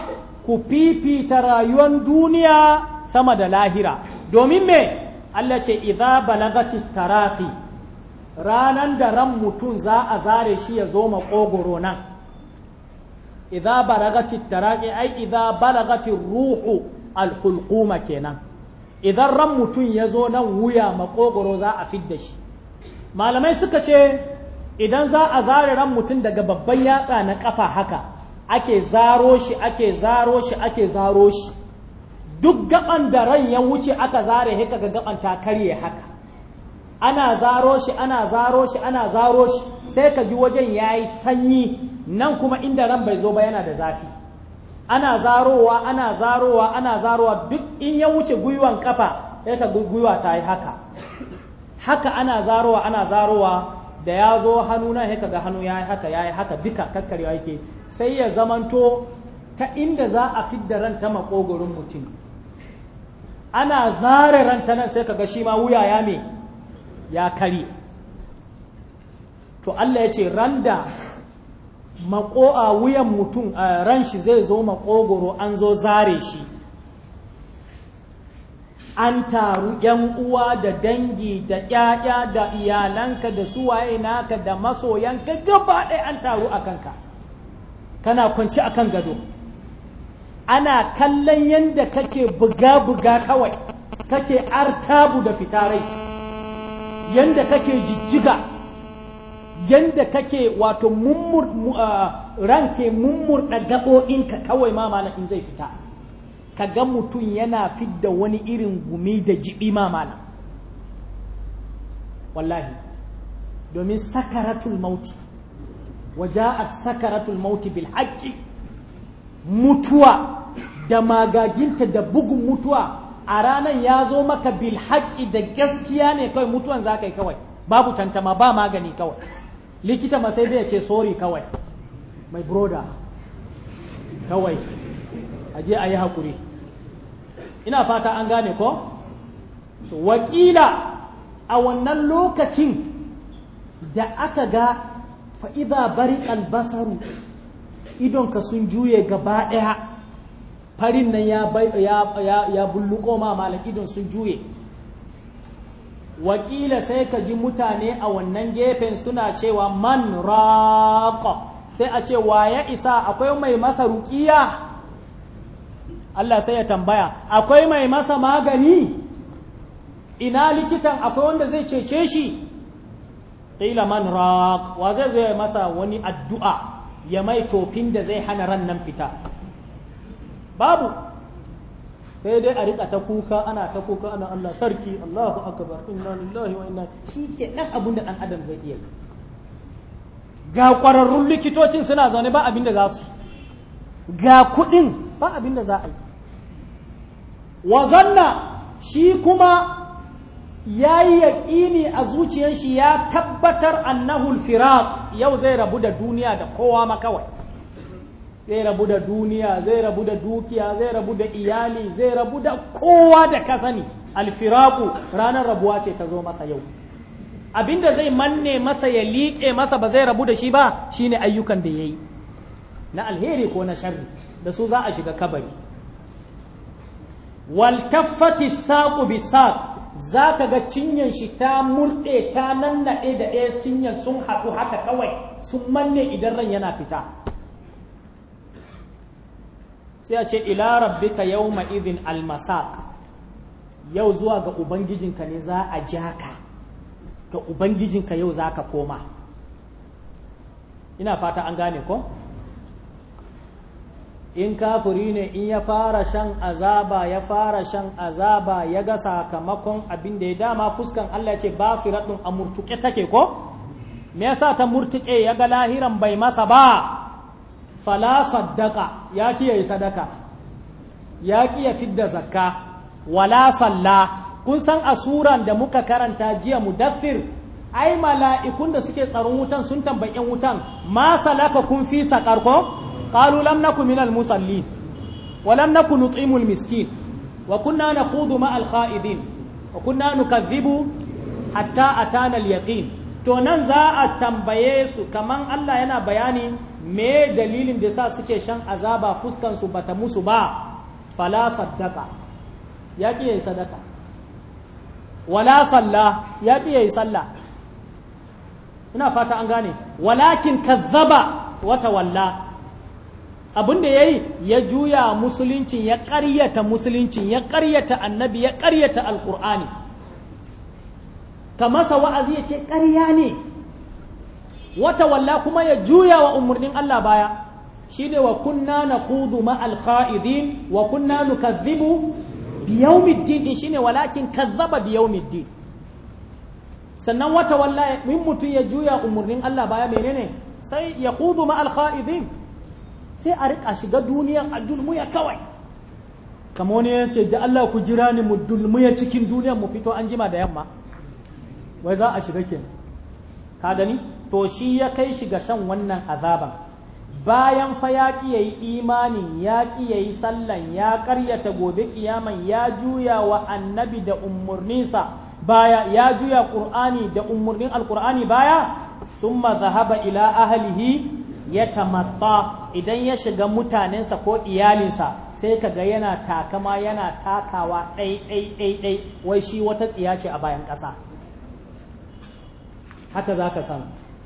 ku fifita rayuwar duniya sama da lahira domin me Allah ce idza balagati taraqi ranan da ran mutum za a zare shi ya zo makogoro nan idza balagati taraqi ai idza balagati ruhu alhulquma kenan idan ran mutum ya zo nan wuya makogoro za a fidda shi malamai suka ce idan za a zare ran mutum daga babban yatsa na kafa haka ake zaro shi ake zaro shi ake zaro shi duk gaban da ran ya wuce aka zare haka ga gaban ta karye haka ana zaro shi ana zaro shi ana zaro shi sai ka ji wajen yayi sanyi nan kuma inda ran bai zo ba yana da zafi ana zarowa ana zarowa ana zarowa duk in ya wuce gwiwan kafa sai ka gwiwa ta yi haka haka ana zarowa ana zarowa da ya zo hannu na ya ga hannu ya yi haka ya yi haka duka kakkarewa yake sai ya zamanto ta inda za a fidda ran ta makogorin mutum ana zare ranta nan sai kaga shi ma wuya ya me ya kari to Allah ya ce ran da mako a wuyan mutum ran shi zai zo makogoro an zo zare shi an taru ‘yan uwa da dangi da ‘ya'ya da iyalanka da suwaye naka da masoyanka gaba ɗaya an taru a kanka kana kwanci a kan gado ana kallon yadda kake buga-buga kawai kake artabu da fitarai yadda kake jijjiga yadda kake wato ah, ranke mummurɗa gaɓoɓinka kawai ma in zai fita ka ga mutum yana fidda wani irin gumi da jibi mamala wallahi domin sakaratul mauti waje a sakaratul mauti bil haƙƙi. mutuwa da magaginta da bugun mutuwa a ranar ya zo maka bil haƙƙi da gaskiya ne kawai mutuwan za ka yi kawai babu tantama ba magani kawai likita masai sai ce sorry kawai Mai brother kawai aje a yi haƙuri ina fata an gane ko wakila a wannan lokacin da aka ga fa'iza bari albasaru idonka sun juye gaba ɗaya farin nan ya bulluko ma malam idon sun juye wakila sai ka ji mutane a wannan gefen suna cewa man raƙa sai a ce wa ya isa akwai mai masa ruƙiya Allah sai ya tambaya akwai mai masa magani ina likitan akwai wanda zai cece shi qila man raq wa zai zo ya masa wani addu'a ya mai tofin da zai hana ran nan fita babu sai dai a rika ta kuka ana ta kuka ana Allah sarki Allahu akbar inna lillahi wa inna shi ke dan abun da dan adam zai iya ga kwararrun likitocin suna zaune ba abin da za su ga kuɗin ba abin da za a yi Wazanna shi kuma ya yi yaƙini a zuciyar ya tabbatar annahul firaq yau zai rabu da duniya da kowa ma kawai zai rabu da duniya zai rabu da dukiya zai rabu da iyali zai rabu da kowa da ka sani alfiraku ranar rabuwa ce ta zo masa yau abinda zai manne masa ya liƙe masa ba zai rabu da shi ba shine ayyukan da ya yi na alheri ko na sharri da su za a shiga kabari waltaffati saƙu bi saƙ za ka ga cinyar shi ta murɗe ta nannaɗe da ɗaya cinyar sun haɗu haka kawai sun manne idan ran yana fita sai a ce ila rabbika yauma ma'izin almasaq yau zuwa ga ubangijinka ne za a ja ka ga ubangijinka yau za ka koma ina fata an gane ko? in kafuri ne in ya fara shan azaba ya fara shan azaba ya ga sakamakon abin da ya dama fuskan Allah ce ba siratun a murtuke take ko me yasa ta murtuke ya ga lahiran bai masa ba fala saddaka ya kiyaye sadaka ya kiya fidda zakka wala salla kun san asuran da muka karanta jiya mudaffir ai mala'ikun da suke tsaron wutan sun tambayi wutan ma salaka kun fi sakar ko قالوا لم نكن من المصلين ولم نكن نطعم المسكين وكنا نخوض مع الخائضين وكنا نكذب حتى أتانا اليقين to nan za a tambaye su kaman Allah yana bayani me dalilin da sa suke shan azaba fuskansu bata musu ba fala saddaka ya ki sadaka wala salla ya ki yayi ina fata an gane walakin kazzaba wata walla abin da ya yi ya juya musuluncin ya ƙaryata musuluncin ya ƙaryata annabi ya ƙaryata alƙur'ani ka masa wa'azi ya ce ƙarya ne wata walla kuma ya juya wa umarnin Allah baya shine wa kunna na hudu ma'al kha'idin wa kunna nukazzibu biyaumiddin din shine walakin kazzaba biyaumiddin sannan wata walla in mutum ya juya umarnin Allah baya menene sai ya hudu ma'al sai a rika shiga duniyar a dulmuya kawai kama wani yance da Allah ku jira ni mu dulmuya cikin duniyar mu fito an jima da yamma wai za a shiga ke ka gani to shi ya kai shiga shan wannan azaban bayan fa ya ƙi imanin ya ƙi sallan ya karyata gobe kiyaman ya juya wa annabi da umarninsa baya ya juya qur'ani da umarnin alqur'ani baya summa zahaba ila ahlihi ya tamatta idan ya shiga mutanensa ko iyalinsa sai ka ga yana takama yana takawa ɗai ɗai ɗai wai shi wata tsiya ce a bayan ƙasa haka za ka samu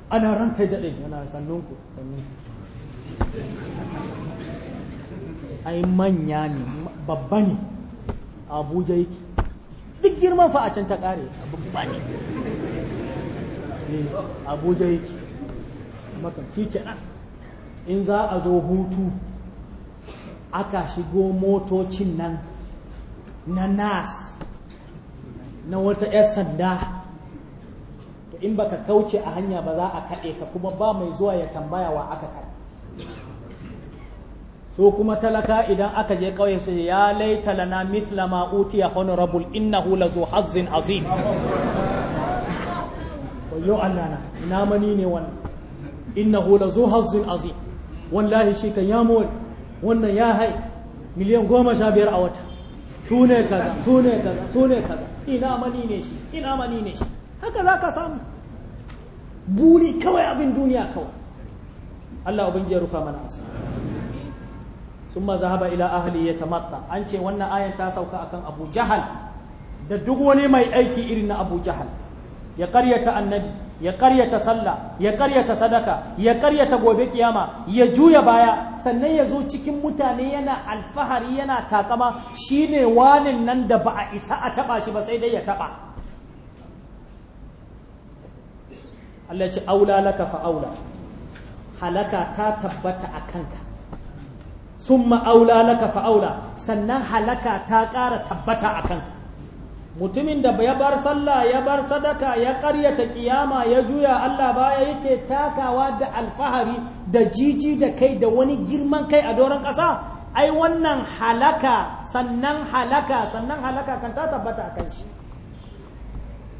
ana ran da daɗe yana sannunku ai manya ne babba ne abuja yake duk girman fa a can ta ƙare babba ne eh, abuja yake maka shi in za a zo hutu aka shigo motocin nan na nas na wata 'yar sanda to in baka kauce a hanya ba za a kaɗe ka kuma ba mai zuwa ya tambaya wa aka kaɗe so kuma talaka idan aka je ƙauye sai ya laita lana mithla ma utiya honorable innahu lazu hazzin azim wayo Allah na ina mani ne wannan inna hula zu hazzin azim wallahi shi kan ya more wannan ya hai miliyan goma sha biyar a wata su ne kaza su ne kaza su ne kaza ina mani ne shi ina mani ne shi haka za ka samu buri kawai abin duniya kawai Allah abin ya rufa mana asiri summa zahaba ila ahali ya yatamatta an ce wannan ayan ta sauka akan Abu Jahal da duk wani mai aiki irin na Abu Jahal ya karyata annabi ya karyata sallah ya karyata sadaka ya karyata gobe kiyama ya juya baya sannan ya zo cikin mutane yana alfahari yana takama shine wanin nan da ba a isa a taba shi ba sai dai ya taba Allah ya ce aula laka fa aula halaka ta tabbata a kanka summa aula laka fa aula sannan halaka ta ƙara tabbata a kanka mutumin da ya bar sallah ya bar sadaka ya karyata ƙiyama ya juya Allah baya yake takawa da alfahari da jiji da kai da wani girman kai a doron ƙasa ai wannan halaka sannan halaka sannan halaka kan ta tabbata a kan shi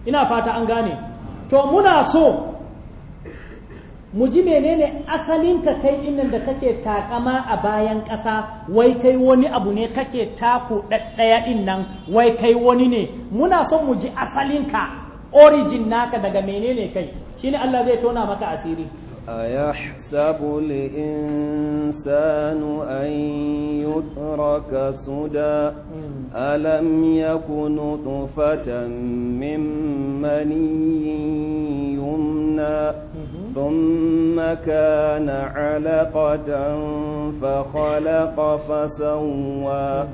ina fata an gane to muna so mu ji menene asalinka kai innan da kake takama a bayan ƙasa wai kai wani abu ne kake taku ɗaya ɗin nan wai kai wani ne muna son mu ji asalinka origin naka daga menene kai shine Allah zai tona maka asiri أيحسب الإنسان أن يترك سدى ألم يكن طفة من مني يمنى ثم كان علقة فخلق فسوى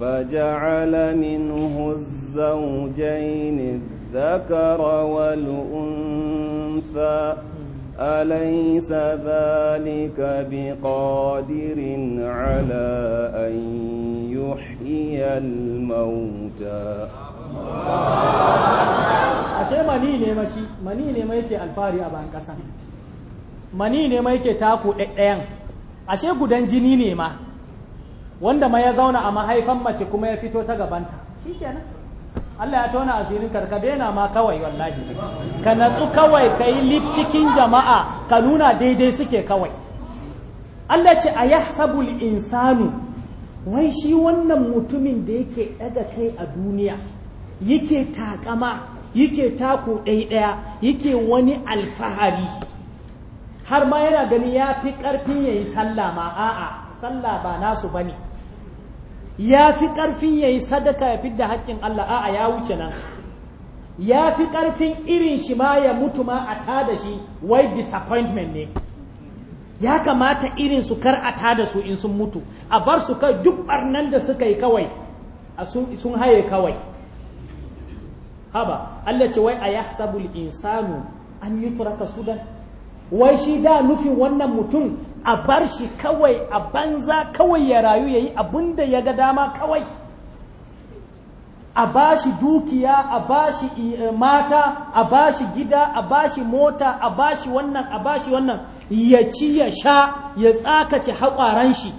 فجعل منه الزوجين الذكر والأنثى أليس ذلك بقادر على أن يحيي الموتى ashe mani ne mashi mani ne mai ke alfahari a ban kasa mani ne mai ke taku ɗaɗɗayan ashe gudan jini ne ma wanda ma ya zauna a mahaifan mace kuma ya fito ta gabanta shikenan Allah ya tona asirin karka ka daina ma kawai wallahi ka natsu kawai ka yi lip cikin jama'a ka nuna daidai suke kawai Allah ce a yahsabul insanu wai shi wannan mutumin da yake daga kai a duniya yake takama yake tako ɗaiɗaya yake wani alfahari har ma yana gani ya fi ƙarfin ya yi sallah ma a'a sallah ba nasu ba ne ya fi ƙarfin ya yi sadaka ya fidda haƙƙin Allah a ya wuce nan ya fi ƙarfin irin shi ma ya mutu ma a tada shi wai disappointment ne ya kamata irin su kar a ta da su in sun mutu a bar su kai duk ɓarnan da suka yi kawai sun haye kawai haba Allah ce wai a yahsabul insanu an yi turaka sudan wai shi da nufin wannan mutum a bar shi kawai a banza kawai ya rayu ya yi abin da ya ga dama kawai a ba shi dukiya a ba shi eh, mata a ba shi gida a ba shi mota a ba shi wannan a ba shi wannan ya ci ya sha ya tsakace haƙwaran shi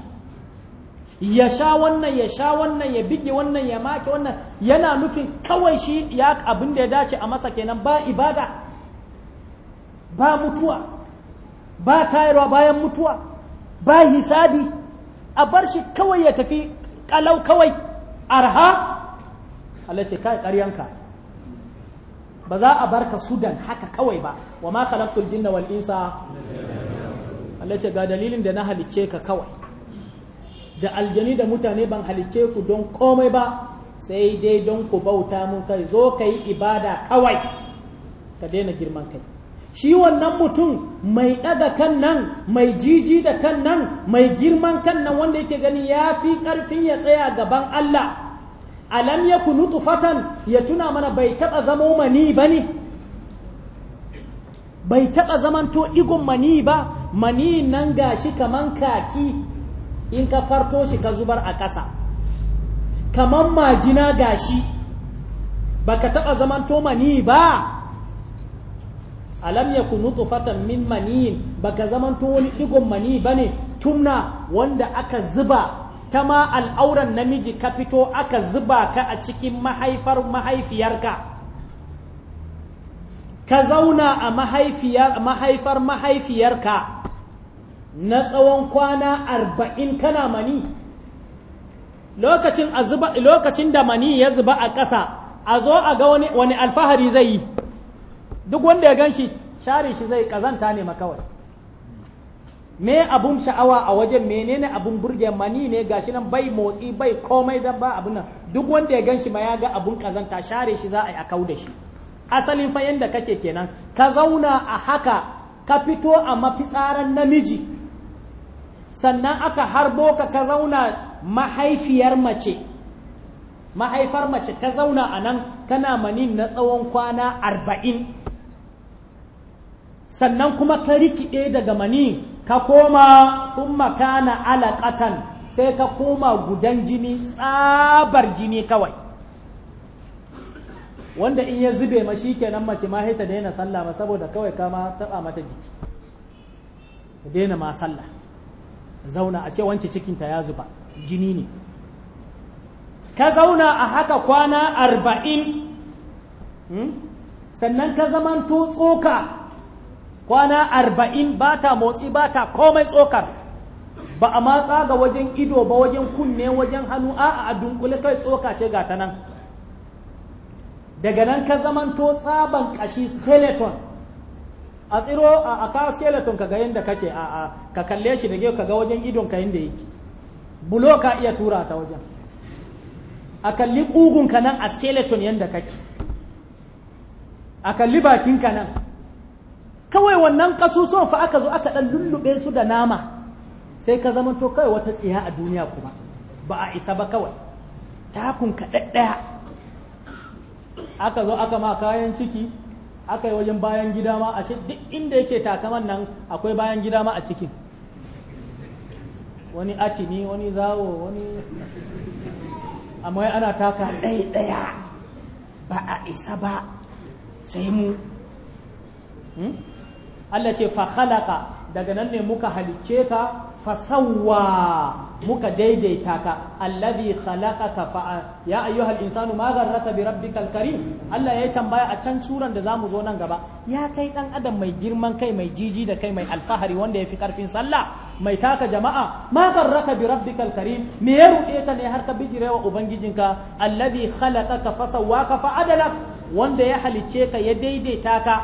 ya sha wannan ya sha wannan ya bige wannan ya make wannan yana nufin kawai shi ya abin da ya dace a masa kenan ba ibada ba mutuwa ba tayarwa bayan mutuwa ba hisabi a bar shi kawai ya tafi kalau kawai arha Allah ce kai ƙaryanka ba za a bar ka sudan haka kawai ba wa ma khalaqtul jinna wal insa Allah ce ga dalilin da na halicce ka kawai da aljani da mutane ban halicce ku don komai ba sai dai don ku bauta mun kai zo ka ibada kawai ka daina girman kai shi wannan mutum mai ɗaga kan nan mai jiji da kan nan mai girman kan nan wanda yake gani ya fi ƙarfin ya tsaya gaban Allah alam ya kunu fatan ya tuna mana bai taɓa zamo mani ba ne bai taɓa zamanto igon mani ba mani nan gashi kaman kaki in ka farto shi ka zubar a ƙasa kaman majina gashi baka taɓa zamanto mani ba alam yaku nutfatan min maniyin baka zamanto wani digon mani bane tumna wanda aka zuba ta ma al'auran namiji ka fito aka zuba ka a cikin mahaifar mahaifiyarka ka zauna a mahaifiyar mahaifar mahaifiyarka na tsawon kwana arba'in kana mani lokacin da mani ya zuba a ƙasa a zo a ga wani alfahari zai yi duk wanda ya gan shi share shi zai kazanta ne makawai me abun sha'awa a wajen menene abun burge mani ne gashi nan bai motsi bai komai dan ba abun nan duk wanda ya gan shi ma ya ga abun kazanta share shi za a yi a kau da shi asalin fa yanda kake kenan ka zauna a haka ka fito a mafitsaran namiji sannan aka harbo ka ka zauna mahaifiyar mace mahaifar mace ka zauna a nan kana manin na tsawon kwana arba'in sannan kuma ka rikide daga mani ka koma sun makana alaƙatan sai ka koma gudan jini tsabar jini kawai wanda in ya zube ma shi kenan mace ma haita daina sallah ma saboda kawai kama taba mata jiki daina ma sallah zauna a ce wance cikinta ya zuba jini ne ka zauna a haka kwana arba'in hmm? sannan ka zamanto tsoka kwana arba'in ba ta motsi ba ta komai tsokar ba a matsa ga wajen ido ba wajen kunne wajen hannu a a dunkule kai tsoka ce ga ta nan daga nan ka zamanto tsaban kashi skeleton a tsiro a aka skeleton ka ga yadda kake a a ka kalle shi da ka ga wajen idon ka yadda yake bulo ka iya tura ta wajen a kalli ka nan a skeleton yadda kake a kalli bakinka nan kawai wannan kasusuwan fa aka zo aka dan lullube su da nama sai ka zama to kawai wata tsiya a duniya kuma ba a isa ba kawai takun ka aka zo aka ma kayan ciki aka yi wajen bayan gida ma a duk inda yake takaman nan akwai bayan gida ma a cikin wani atini wani zawo wani amma ana taka ɗaya ɗaya ba a isa ba sai mu hmm? Allah ce fa khalaqa daga nan ne muka halicce ka fa sawwa muka daidaita ka allazi khalaqaka fa ya ayyuhal insanu ma gharraka bi rabbikal karim Allah ya tambaya a can suran da zamu zo nan gaba ya kai dan adam mai girman kai mai jiji da kai mai alfahari wanda yafi karfin sallah mai taka jama'a ma gharraka bi rabbikal karim me ya ruɗe ka ne har ka bijirewa ubangijinka allazi khalaqaka fa sawwaka fa adala wanda ya halicce ka ya daidaita ka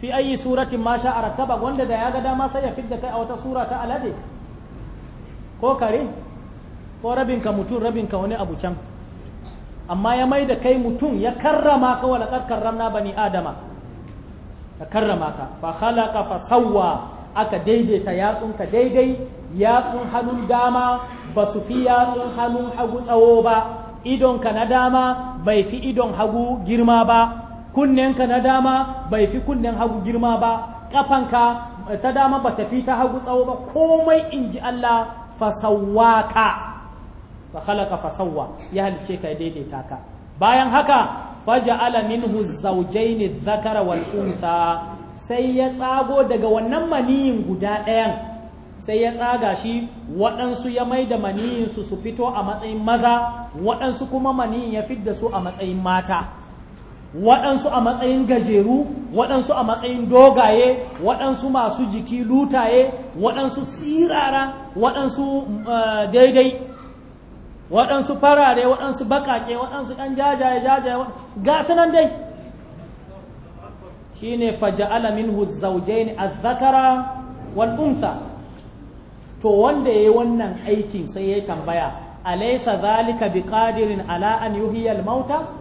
fi ayi suratin ma sha arattaba wanda da ya ga dama sai ya fidda kai a wata sura ta alade ko kare ko rabin mutun mutum ka wani abu can amma ya mai da kai mutum ya karrama ka wala karramna bani adama ya karrama ka fa khalaqa fa sawwa aka daidaita yatsun ka daidai yatsun hannun dama ba su fi yatsun hannun hagu tsawo ba idon ka na dama bai fi idon hagu girma ba kunnenka na dama bai fi kunnen hagu girma ba Ƙafanka ta dama ba fi ta hagu tsawo ba komai in ji Allah fasawaka fa khalaqa fasawwa ya halice ka daidaita ka bayan haka faja'ala minhu zawjayn dhakara wal untha sai ya tsago daga wannan maniyin guda ɗayan sai ya tsaga shi waɗansu ya mai da maniyinsu su fito a matsayin maza waɗansu kuma maniyin ya fidda su a matsayin mata waɗansu a matsayin gajeru waɗansu a matsayin dogaye waɗansu masu jiki lutaye waɗansu sirara waɗansu eh, daidai waɗansu farare waɗansu baƙaƙe waɗansu ɗan jajaye jajaye ga sanan dai shi ne faja'ala minhu zaujaini azzakara wal unsa to wanda ya yi wannan aikin sai ya tambaya alaisa zalika biqadirin ala an yuhiyal mauta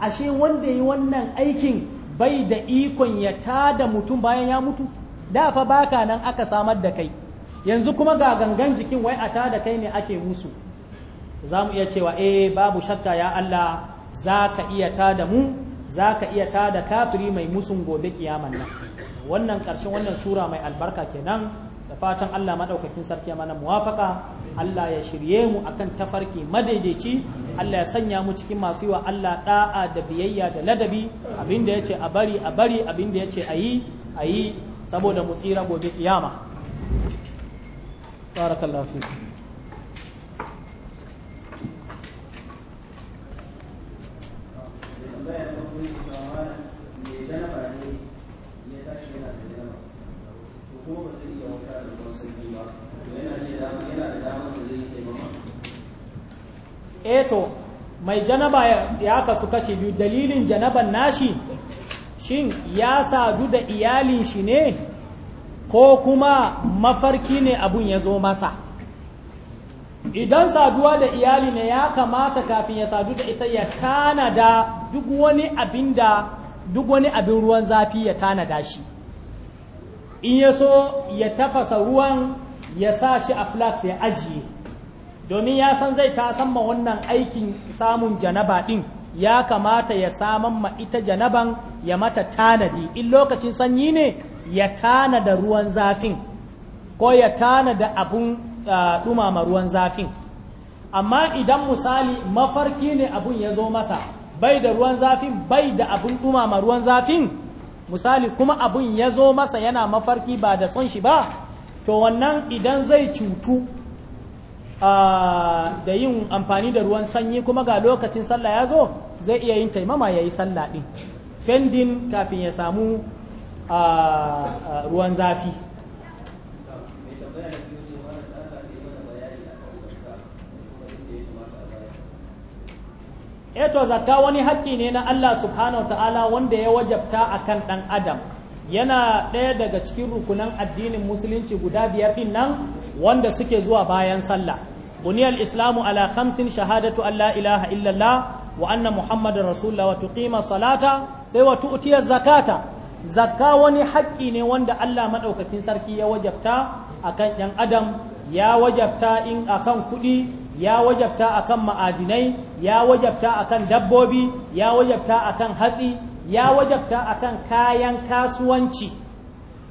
ashe wanda yi wannan aikin bai da ikon ya tada mutum bayan ya mutu da fa baka nan aka samar da kai yanzu kuma ga gangan jikin wai a tada kai ne ake musu za mu iya cewa eh babu shakka ya Allah za ka iya tada mu za ka iya tada kafiri mai musun gobe kiyaman nan wannan karshen wannan sura mai albarka kenan da fatan Allah madaukakin sarki mana muwafaka Allah ya shirye mu akan tafarki madaidaici Allah ya sanya mu cikin masu yiwa Allah da'a da biyayya da ladabi abinda yace a bari a bari abinda yace ayi ayi saboda mu tsira gobe kiyama barakallahu Thank you. eto eh mai janaba ya kasu kace biyu dalilin janaban nashi shin ya sadu da iyalin shi ne ko kuma mafarki ne abun ya zo masa idan saduwa da iyali ne ya kamata kafin ya sadu da ita ya tanada duk wani abin da duk wani abin ruwan zafi ya tanada shi in ya so ya tafasa ruwan ya sa shi a flax ya ajiye domin ya san zai ma wannan aikin samun janaba din ya kamata ya saman ma ita janaban ya mata tanadi in lokacin sanyi ne ya tana da ruwan zafin ko ya tana da abun dumama ruwan zafin amma idan misali mafarki ne abun ya zo masa bai da ruwan zafin bai da abun ɗumama ruwan zafin misali kuma abun ya zo masa yana mafarki ba da son shi ba to wannan idan zai cutu da yin amfani da ruwan sanyi kuma ga lokacin sallah ya zo zai iya yin taimama ya yi sallah ɗin fendin kafin ya samu ruwan zafi eto eh zakka wani haƙƙi ne na Allah subhanahu ta'ala wanda ya wajabta akan ɗan adam yana ɗaya daga cikin rukunan addinin musulunci guda biyar ɗin nan wanda suke zuwa bayan sallah buniyar islamu ala khamsin shahadatu allah ilaha illallah wa anna muhammadin rasulullah wa tuqima salata sai wa tu'tiya zakata zakka wani haƙƙi ne wanda Allah maɗaukakin sarki ya wajabta akan yan adam ya wajabta in akan kuɗi ya wajabta akan ma'adinai ya wajabta akan dabbobi ya wajabta akan hatsi ya wajabta akan kayan kasuwanci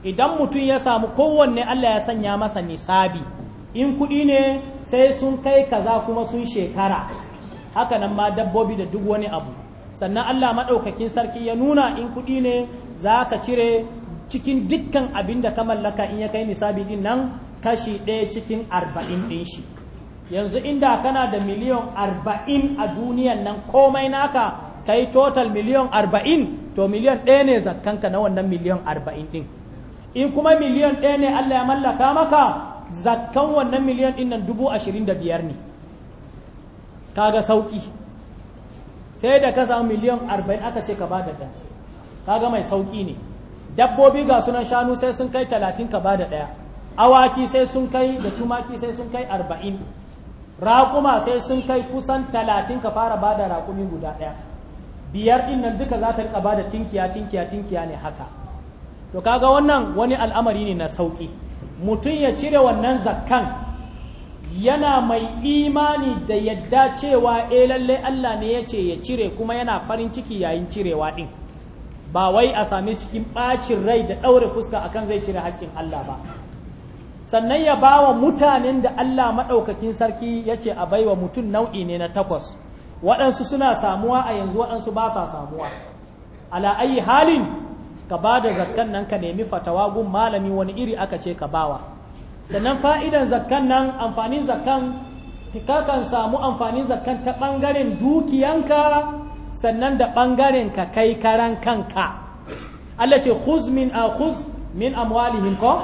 idan mutum ya samu kowanne Allah ya sanya masa nisabi in kuɗi ne sai sun kai kaza kuma sun shekara haka nan ma dabbobi da duk wani abu sannan Allah maɗaukakin sarki ya nuna in kuɗi ne za ka cire cikin dukkan abin da ka mallaka in ya kai nisabi din nan kashi ɗaya cikin arba'in ɗin shi yanzu inda kana da miliyan arba'in a duniyan nan komai naka kai total miliyan arba'in to miliyan ɗaya ne zakkanka na wannan miliyan arba'in ɗin in kuma miliyan ɗaya ne Allah ya mallaka maka zakkan wannan miliyan ɗin nan dubu ashirin da biyar ne kaga sauƙi sai da ka samu miliyan arba'in aka ce ka ba da ɗaya kaga mai sauƙi ne dabbobi ga sunan shanu sai sun kai talatin ka ba da ɗaya awaki sai sun kai da tumaki sai sun kai arba'in raƙuma sai sun kai kusan talatin ka fara ba da raƙumi guda ɗaya biyar din nan duka za ta rika ba da tinkiya tinkiya tinkiya ne haka to kaga wannan wani al'amari ne na sauki mutum ya cire wannan zakkan yana mai imani da yadda cewa eh lalle Allah ne ya ce ya cire kuma yana farin ciki yayin cirewa din ba wai a sami cikin bacin rai da daure fuska akan zai cire hakkin Allah ba sannan ya bawa mutanen da Allah maɗaukakin sarki ya ce a baiwa mutum nau'i ne na takwas waɗansu suna samuwa a yanzu waɗansu ba sa samuwa ala ayi halin ka ba da zakkan nan ka nemi fatawa gun malami wani iri aka ce ka bawa sannan fa'idan zakkan nan amfanin zakkan kan samu amfanin zakkan ta ɓangaren dukiyanka sannan da ɓangaren ka kai karan kanka Allah ce khuz min a khuz min amwalihim ko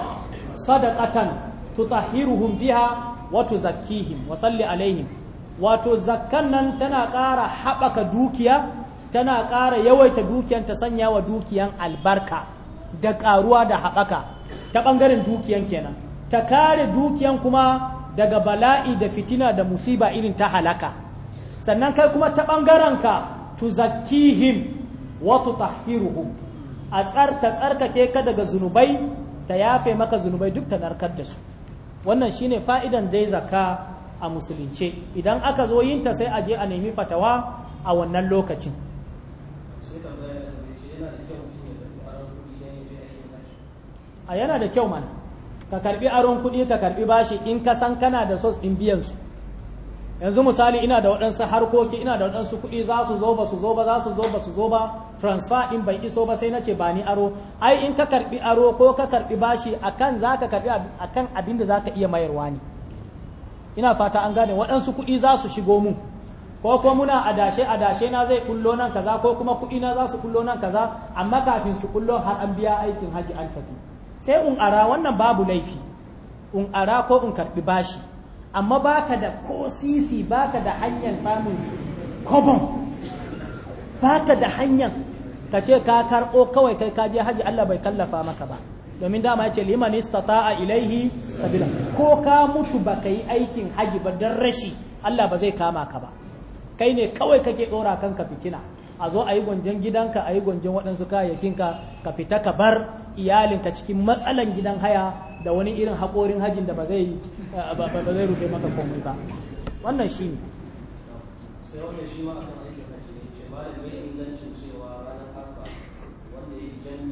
sadaqatan tutahhiruhum biha wa tuzakkihim wa salli alaihim wato zakkan nan tana ƙara haɓaka dukiya tana ƙara yawaita dukiyan ta sanya wa dukiyan albarka da ƙaruwa da haɓaka ta ɓangaren dukiyan kenan ta kare dukiyan kuma daga bala'i da fitina da musiba irin ta halaka sannan kai kuma ta ɓangarenka tuzakkihim wa tutahhiruhum a tsarta tsarkake ka daga zunubai ta yafe maka zunubai duk ta narkar da su wannan shine fa'idan dai zakka a musulunce idan aka zo yinta sai a je a nemi fatawa a wannan lokacin a yana da kyau mana ka karbi aron kuɗi ka karbi bashi in ka san kana da sos ɗin biyan su yanzu misali ina da waɗansu harkoki ina da waɗansu kuɗi za su zo ba su zo ba za su zo ba su zo ba transfer in bai iso ba sai na ce ba ni aro ai in ka karbi aro ko ka karbi bashi akan za ka karbi akan abin da za ka iya mayarwa ne ina fata an gane waɗansu kuɗi za su shigo mu ko ko muna adashe adashe na zai kullo nan kaza ko kuma kuɗi na za su kullo nan kaza amma kafin su kullo har an biya aikin haji an tafi sai un ara wannan babu laifi un ara ko un karbi bashi amma baka da ko sisi baka da hanyar samun kobon baka da hanyar ka ce ka karɓo kawai kai ka je haji Allah bai kallafa maka ba domin dama ya ce liman istata'a ilaihi sabila ko ka mutu ba ka yi aikin haji ba don rashi Allah ba zai kama ka ba kai ne kawai kake ɗora kanka fitina a zo a yi gwanjen gidanka a yi gwanjen waɗansu kayayyakinka ka ka fita ka bar iyalinka cikin matsalan gidan haya da wani irin haƙorin hajin da ba zai eh, rufe maka komai ba wannan shi ne cewa ranar wanda ya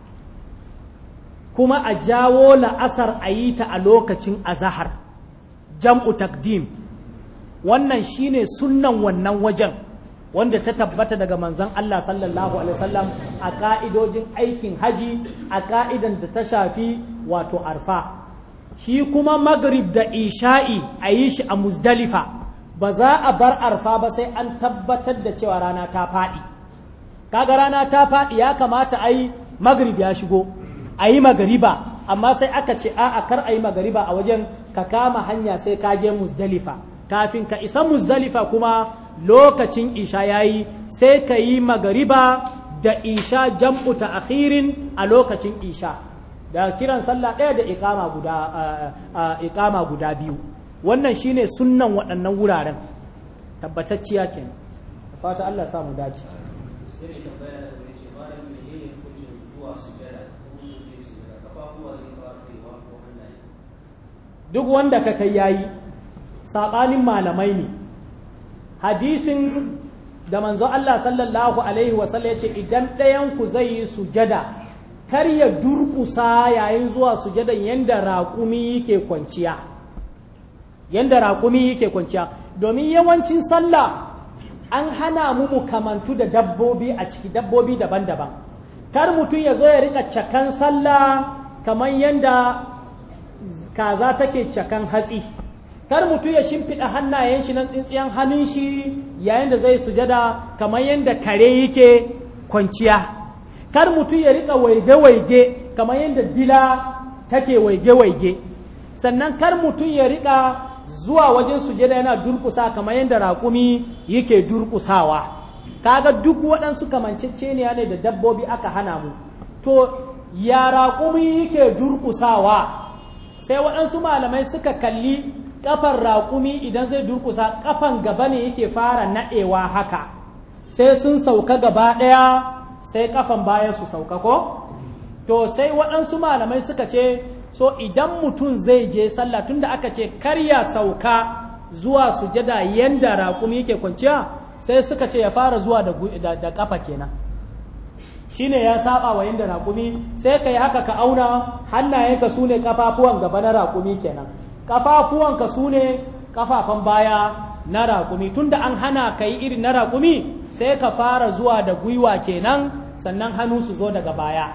kuma a jawo la'asar a yi ta a lokacin azahar jam'u takdim wannan shine sunnan wannan wajen wanda ta tabbata daga manzan Allah sallallahu alaihi wasallam a ka'idojin aikin haji a ka'idan da ta shafi wato arfa shi kuma magrib da isha'i a yi shi a muzdalifa ba za a bar arfa ba sai an tabbatar da cewa rana ta faɗi kaga rana ta faɗi ya kamata a yi magrib ya shigo a yi magariba amma sai aka ce a kar a yi magariba a wajen ka kama hanya sai ka je musdalifa kafin ka isa musdalifa kuma lokacin isha yayi sai ka yi magariba da isha jam'u ta akhirin a lokacin isha da kiran sallah ɗaya da ikama guda ikama guda biyu wannan shine sunnan waɗannan wuraren tabbatacciya kenan fata Allah samu dace duk wanda ka kai yi saɓanin malamai ne hadisin da manzo Allah sallallahu alaihi wasallam ya ce idan ɗayanku zai yi sujada kar ya durƙusa yayin zuwa sujadan yadda raƙumi yake kwanciya yadda raƙumi yake kwanciya domin yawancin sallah an hana mu mukamantu da dabbobi a ciki dabbobi daban-daban kar mutum ya zo ya rika cakan sallah kamar yadda. kaza take cakan hatsi kar mutum ya shimfiɗa hannayen shi na tsintsiyan hannun shi yayin da zai sujada kamar yadda kare yake kwanciya kar mutum ya riƙa waige-waige kamar yadda dila take waige-waige sannan kar mutum ya riƙa zuwa wajen sujada yana durƙusa kamar yadda raƙumi yake durƙusawa kaga duk waɗansu kamanceceniya ne da dabbobi aka hana mu to ya raƙumi yake durƙusawa sai waɗansu malamai suka kalli kafan raƙumi idan zai durƙusa ƙafan gaba ne yake fara naɗewa haka sai sun sauka gaba ɗaya sai ƙafan baya su sauka ko to sai waɗansu malamai suka ce so idan mutum zai je sallah tunda aka ce karya sauka zuwa sujada yadda raƙumi yake kwanciya sai suka ce ya fara zuwa da, ƙafa kenan shine ya saba wa inda raƙumi sai ka yi haka ka auna hannayenka su ne kafafuwan gaba na raƙumi kenan ƙafafuwanka su ne kafafan baya na raƙumi tunda an hana ka yi irin na raƙumi sai ka fara zuwa da gwiwa kenan sannan hannu su zo daga baya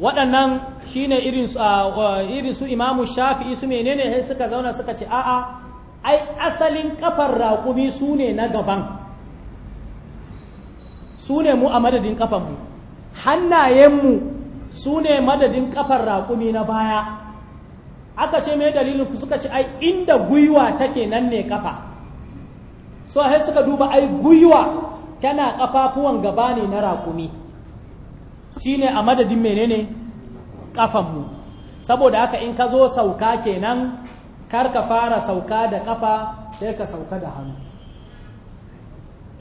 waɗannan shine irin su imamu shafi'i su menene suka zauna suka ce a'a ai asalin ƙafar raƙumi su ne na gaban su ne mu a madadin kafanmu hannayenmu su ne madadin kafar raƙumi na baya aka ce mai dalilin ku suka ci ai inda gwiwa take nan ne kafa so a suka duba ai gwiwa tana kafafuwan gaba ne na raƙumi shi ne a madadin menene kafanmu saboda haka in ka zo sauka kenan kar ka fara sauka da kafa sai ka sauka da hannu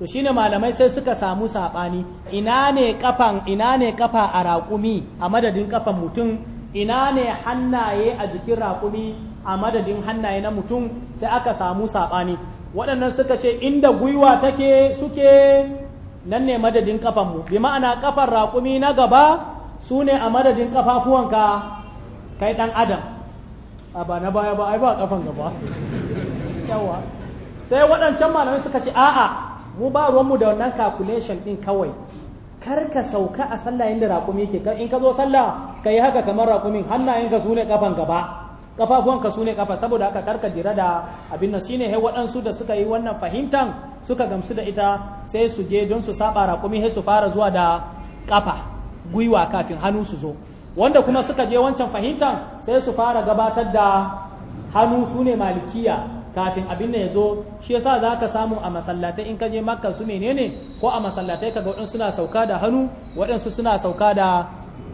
to shine malamai sai suka samu saɓani ina ne kafan ina kafa a raƙumi a madadin kafan mutum ina ne hannaye a jikin raƙumi a madadin hannaye na mutum sai aka samu saɓani waɗannan suka ce inda gwiwa take suke nan ne madadin kafanmu bi ma'ana kafan raƙumi na gaba su ne a madadin kafafuwanka kai ɗan adam a ba na baya ba ai ba kafan gaba [laughs] sai waɗancan malamai suka ce a'a mu ba ruwanmu da wannan calculation ɗin kawai kar ka sauka a sallah yadda raƙumi yake in ka zo sallah ka yi haka kamar raƙumin hannayenka su ne ƙafan gaba kafafuwanka su ne kafa saboda haka kar ka jira da abin nan shine he waɗansu da suka yi wannan fahimtan suka gamsu da ita sai su je don su saba raƙumi sai su fara zuwa da kafa gwiwa kafin hannu su zo wanda kuma suka je wancan fahimtan sai su fara gabatar da hannu su ne malikiya kafin abin da ya zo shi yasa za ka samu a masallatai in ka je makka su menene ko a masallatai kaga waɗansu suna sauka da hannu waɗansu suna sauka da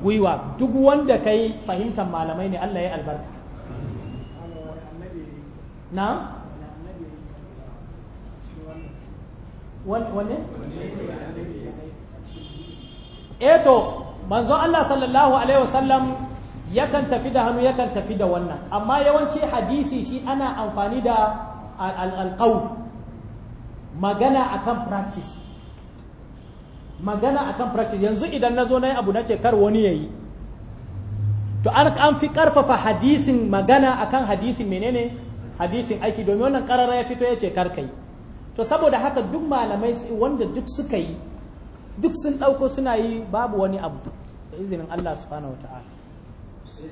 gwiwa duk wanda ka yi fahimtar malamai ne Allah ya albarka na wanne eto eh manzo Allah sallallahu alaihi wasallam yakan tafi da hannu yakan tafi da wannan amma yawanci hadisi shi ana amfani da alƙawu magana akan practice magana akan practice yanzu idan na zo na yi abu na cekar kar wani ya yi to an fi karfafa hadisin magana akan hadisin menene hadisin aiki domin wannan karara ya fito ya ce kar to saboda haka duk malamai wanda duk suka yi duk sun ɗauko suna yi babu wani abu da izinin Allah subhanahu wa ta'ala sai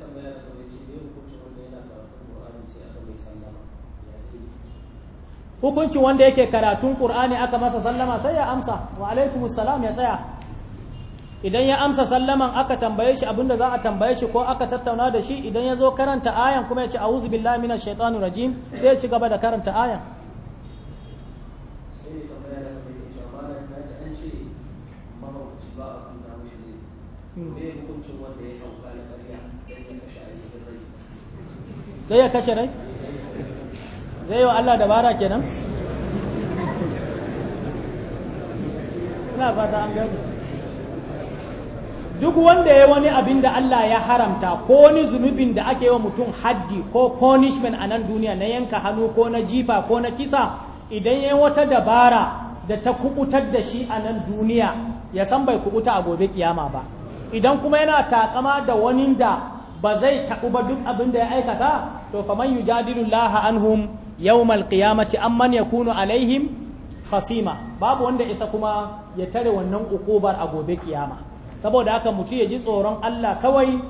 hukuncin wanda yake karatun Qur'ani aka masa sallama sai ya amsa wa alaikumus salam ya tsaya idan ya amsa sallaman aka tambaye shi abinda za a tambaye shi ko aka tattauna da shi idan ya zo karanta ayan kuma ya ce a'udhu billahi minash shaitanir rajim sai ya ci gaba da karanta ayan zai ya kashe rai zai yi wa Allah dabara kenan ina fata an gani duk wanda ya wani abin da Allah ya haramta ko wani zunubin da ake yi wa mutum haddi ko punishment a nan duniya na yanka hannu ko na jifa ko na kisa idan ya wata dabara da ta kubutar da shi a nan duniya ya san bai kubuta a gobe kiyama ba idan kuma yana takama da wani da ba zai taɓu ba duk abin da ya aikata to faman yujadilu laha anhum yawmal qiyamati amman yakunu alaihim khasima babu wanda isa kuma ya tare wannan ukubar a gobe kiyama saboda haka mutum ya ji tsoron Allah kawai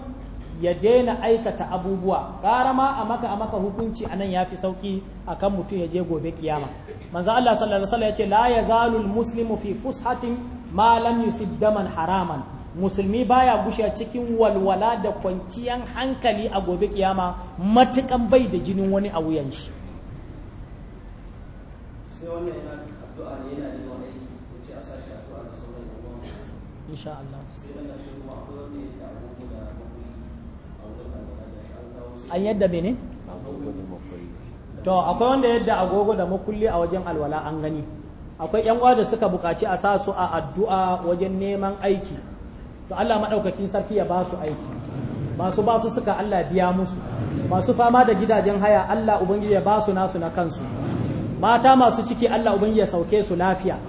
ya daina aikata abubuwa gara ma a maka a maka hukunci anan yafi sauki akan mutum ya je gobe kiyama manzo Allah sallallahu alaihi wasallam ya ce la yazalul muslimu fi fushatin ma lam yusib daman haraman musulmi baya gushe cikin walwala da kwanciyan hankali a gobe kiyama matukan bai da jinin wani a wuyan shi an yadda mene? to akwai wanda yadda agogo da makulli a wajen alwala an gani akwai yan da suka bukaci a sa su a addu'a wajen neman aiki to Allah maɗaukakin sarki ya ba su aiki masu ba su suka Allah biya musu masu fama da gidajen haya Allah ubangiji ya ba su nasu na kansu mata masu ciki Allah ubangiji ya sauke su lafiya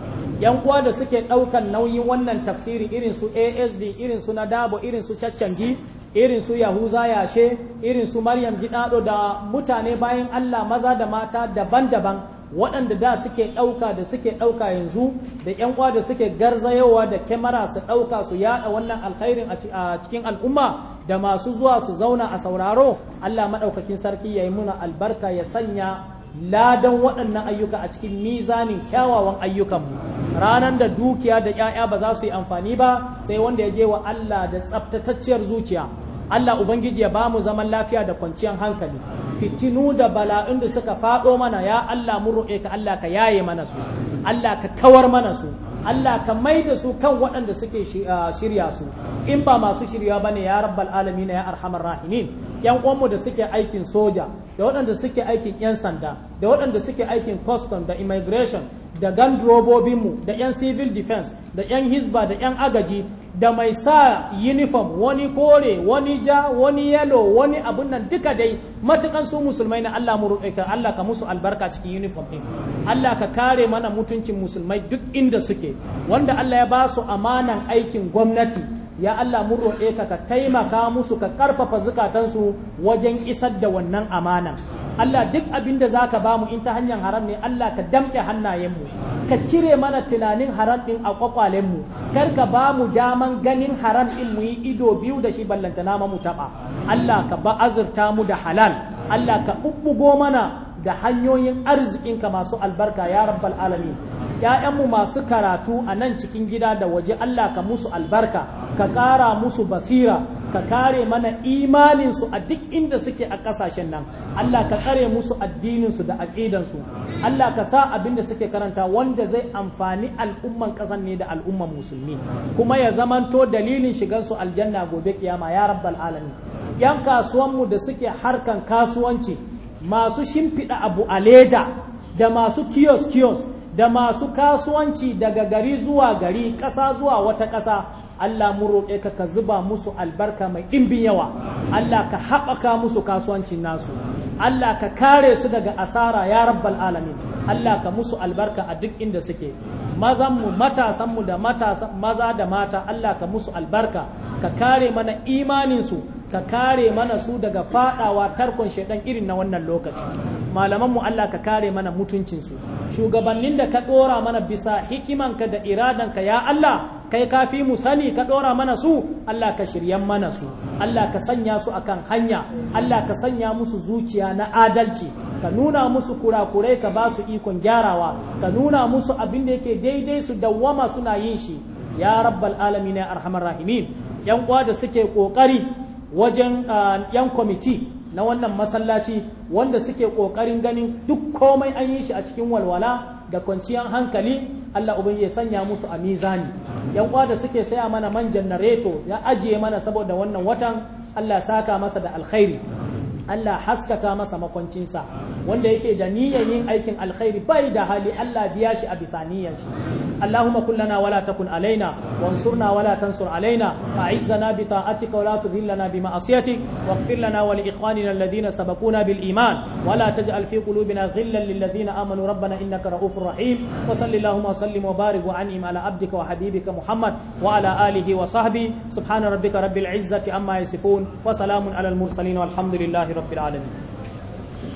yan uwa da suke ɗaukan nauyin wannan tafsiri irin su ASD irin su Nadabo irin su Caccangi irin su yahuza yashe irin su maryam gidado da mutane bayan allah maza da mata daban-daban waɗanda da suke ɗauka da suke ɗauka yanzu da yan uwa da suke garzayowa da kyamara su ɗauka su yaɗa wannan alkhairin a cikin al'umma da masu zuwa su zauna a sauraro allah maɗaukakin sarki ya yi muna albarka ya sanya ladan waɗannan ayyuka a cikin mizanin kyawawan ayyukanmu ranar da dukiya da ‘ya'ya ba za su yi amfani ba sai wanda ya je wa Allah da tsabtatacciyar zuciya Allah Ubangiji ya ba mu zaman lafiya da kwanciyar hankali fitinu da bala'un da suka faɗo mana ya Allah mun roƙe ka Allah ka yaye mana su Allah ka kawar mana su Allah ka mai da su kan waɗanda suke ah, shirya su in ba masu shirya bane ya rabbal alamin ya arhamar rahimin yan uwanmu da suke aikin soja da waɗanda suke aikin yan sanda da waɗanda suke aikin custom da immigration da gan robobinmu da yan civil defense da yan hisba da yan agaji da mai sa uniform wani kore wani ja wani yalo wani abun nan duka dai matukan su musulmai na Allah mu roƙe ka Allah ka musu albarka cikin uniform din Allah ka kare mana mutuncin musulmai duk inda suke wanda Allah ya ba su amanan aikin gwamnati ya Allah mun roƙe ka ka taimaka musu ka ƙarfafa zukatansu wajen isar da wannan amanan Allah duk abin da zaka bamu in ta hanyar haram ne Allah ka damƙe hannayenmu ka cire mana tunanin haram ɗin a kwakwalenmu kar ka bamu daman ganin haram ɗin mu yi ido biyu da shi ballanta nama mu taɓa Allah ka ba azurta mu da halal Allah ka ɓuɓɓugo mana da hanyoyin arzikinka masu albarka ya rabbal alamin ‘ya'yanmu masu karatu a nan cikin gida da waje Allah ka musu albarka, ka kara musu basira, ka kare mana imaninsu a duk inda suke a ƙasashen nan, Allah ka tsare musu addininsu da aƙidansu, Allah ka sa abin da suke karanta wanda zai amfani al'umman ƙasan ne da al'umman musulmi, kuma ya zamanto dalilin su aljanna gobe kiyama ya rabbal alamin. ‘Yan kasuwanmu da suke harkan kasuwanci, masu shimfiɗa abu a da masu kiosk kiosk da masu kasuwanci daga gari zuwa gari ƙasa zuwa wata ƙasa Allah mu roƙe ka ka zuba musu albarka mai ɗimbin yawa Allah ka haɓaka musu kasuwanci nasu Allah ka kare su daga asara ya rabbal alamin Allah ka musu albarka a duk inda suke mazanmu matasanmu da mata maza da mata Allah ka musu albarka ka kare mana imaninsu ka kare mana su daga fadawa tarkon shaidan irin na wannan lokaci malaman mu Allah ka kare mana mutuncin su shugabannin da ka dora mana bisa hikimanka da iradanka ya Allah kai ka fi mu sani ka dora mana su Allah ka shiryan mana su Allah ka sanya su akan hanya Allah ka sanya musu zuciya na adalci ka nuna musu kurakurai ka ba su ikon gyarawa ka nuna musu abin da yake daidai su dawwama suna yin shi ya rabbal alamin ya arhamar rahimin yan uwa da suke kokari wajen ah, yan kwamiti na wannan masallaci wanda suke ƙoƙarin ganin duk komai an yi shi a cikin walwala da kwanciyar hankali Allah ubin ya sanya musu a mizani yan da suke saya mana man janareto ya ajiye mana saboda wannan watan Allah saka masa da alkhairi Allah haskaka masa makwancinsa wanda yake da niyyar yin aikin alkhairi bai da hali Allah biya shi a bisa niyyar shi Allahumma kullana wala takun alaina wansurna wala tansur alaina a'izzana bi ta'atika wala tudhillana bi ma'asiyatik waghfir lana wa li ikhwanina alladhina sabaquna bil iman wala taj'al fi qulubina ghillan lil ladhina amanu rabbana innaka ra'ufur rahim wa sallallahu wa sallim wa barik wa an'im ala abdika wa habibika Muhammad wa ala alihi wa sahbi subhana rabbika rabbil izzati amma yasifun wa salamun ala al mursalin والحمد Rabbil Alemin.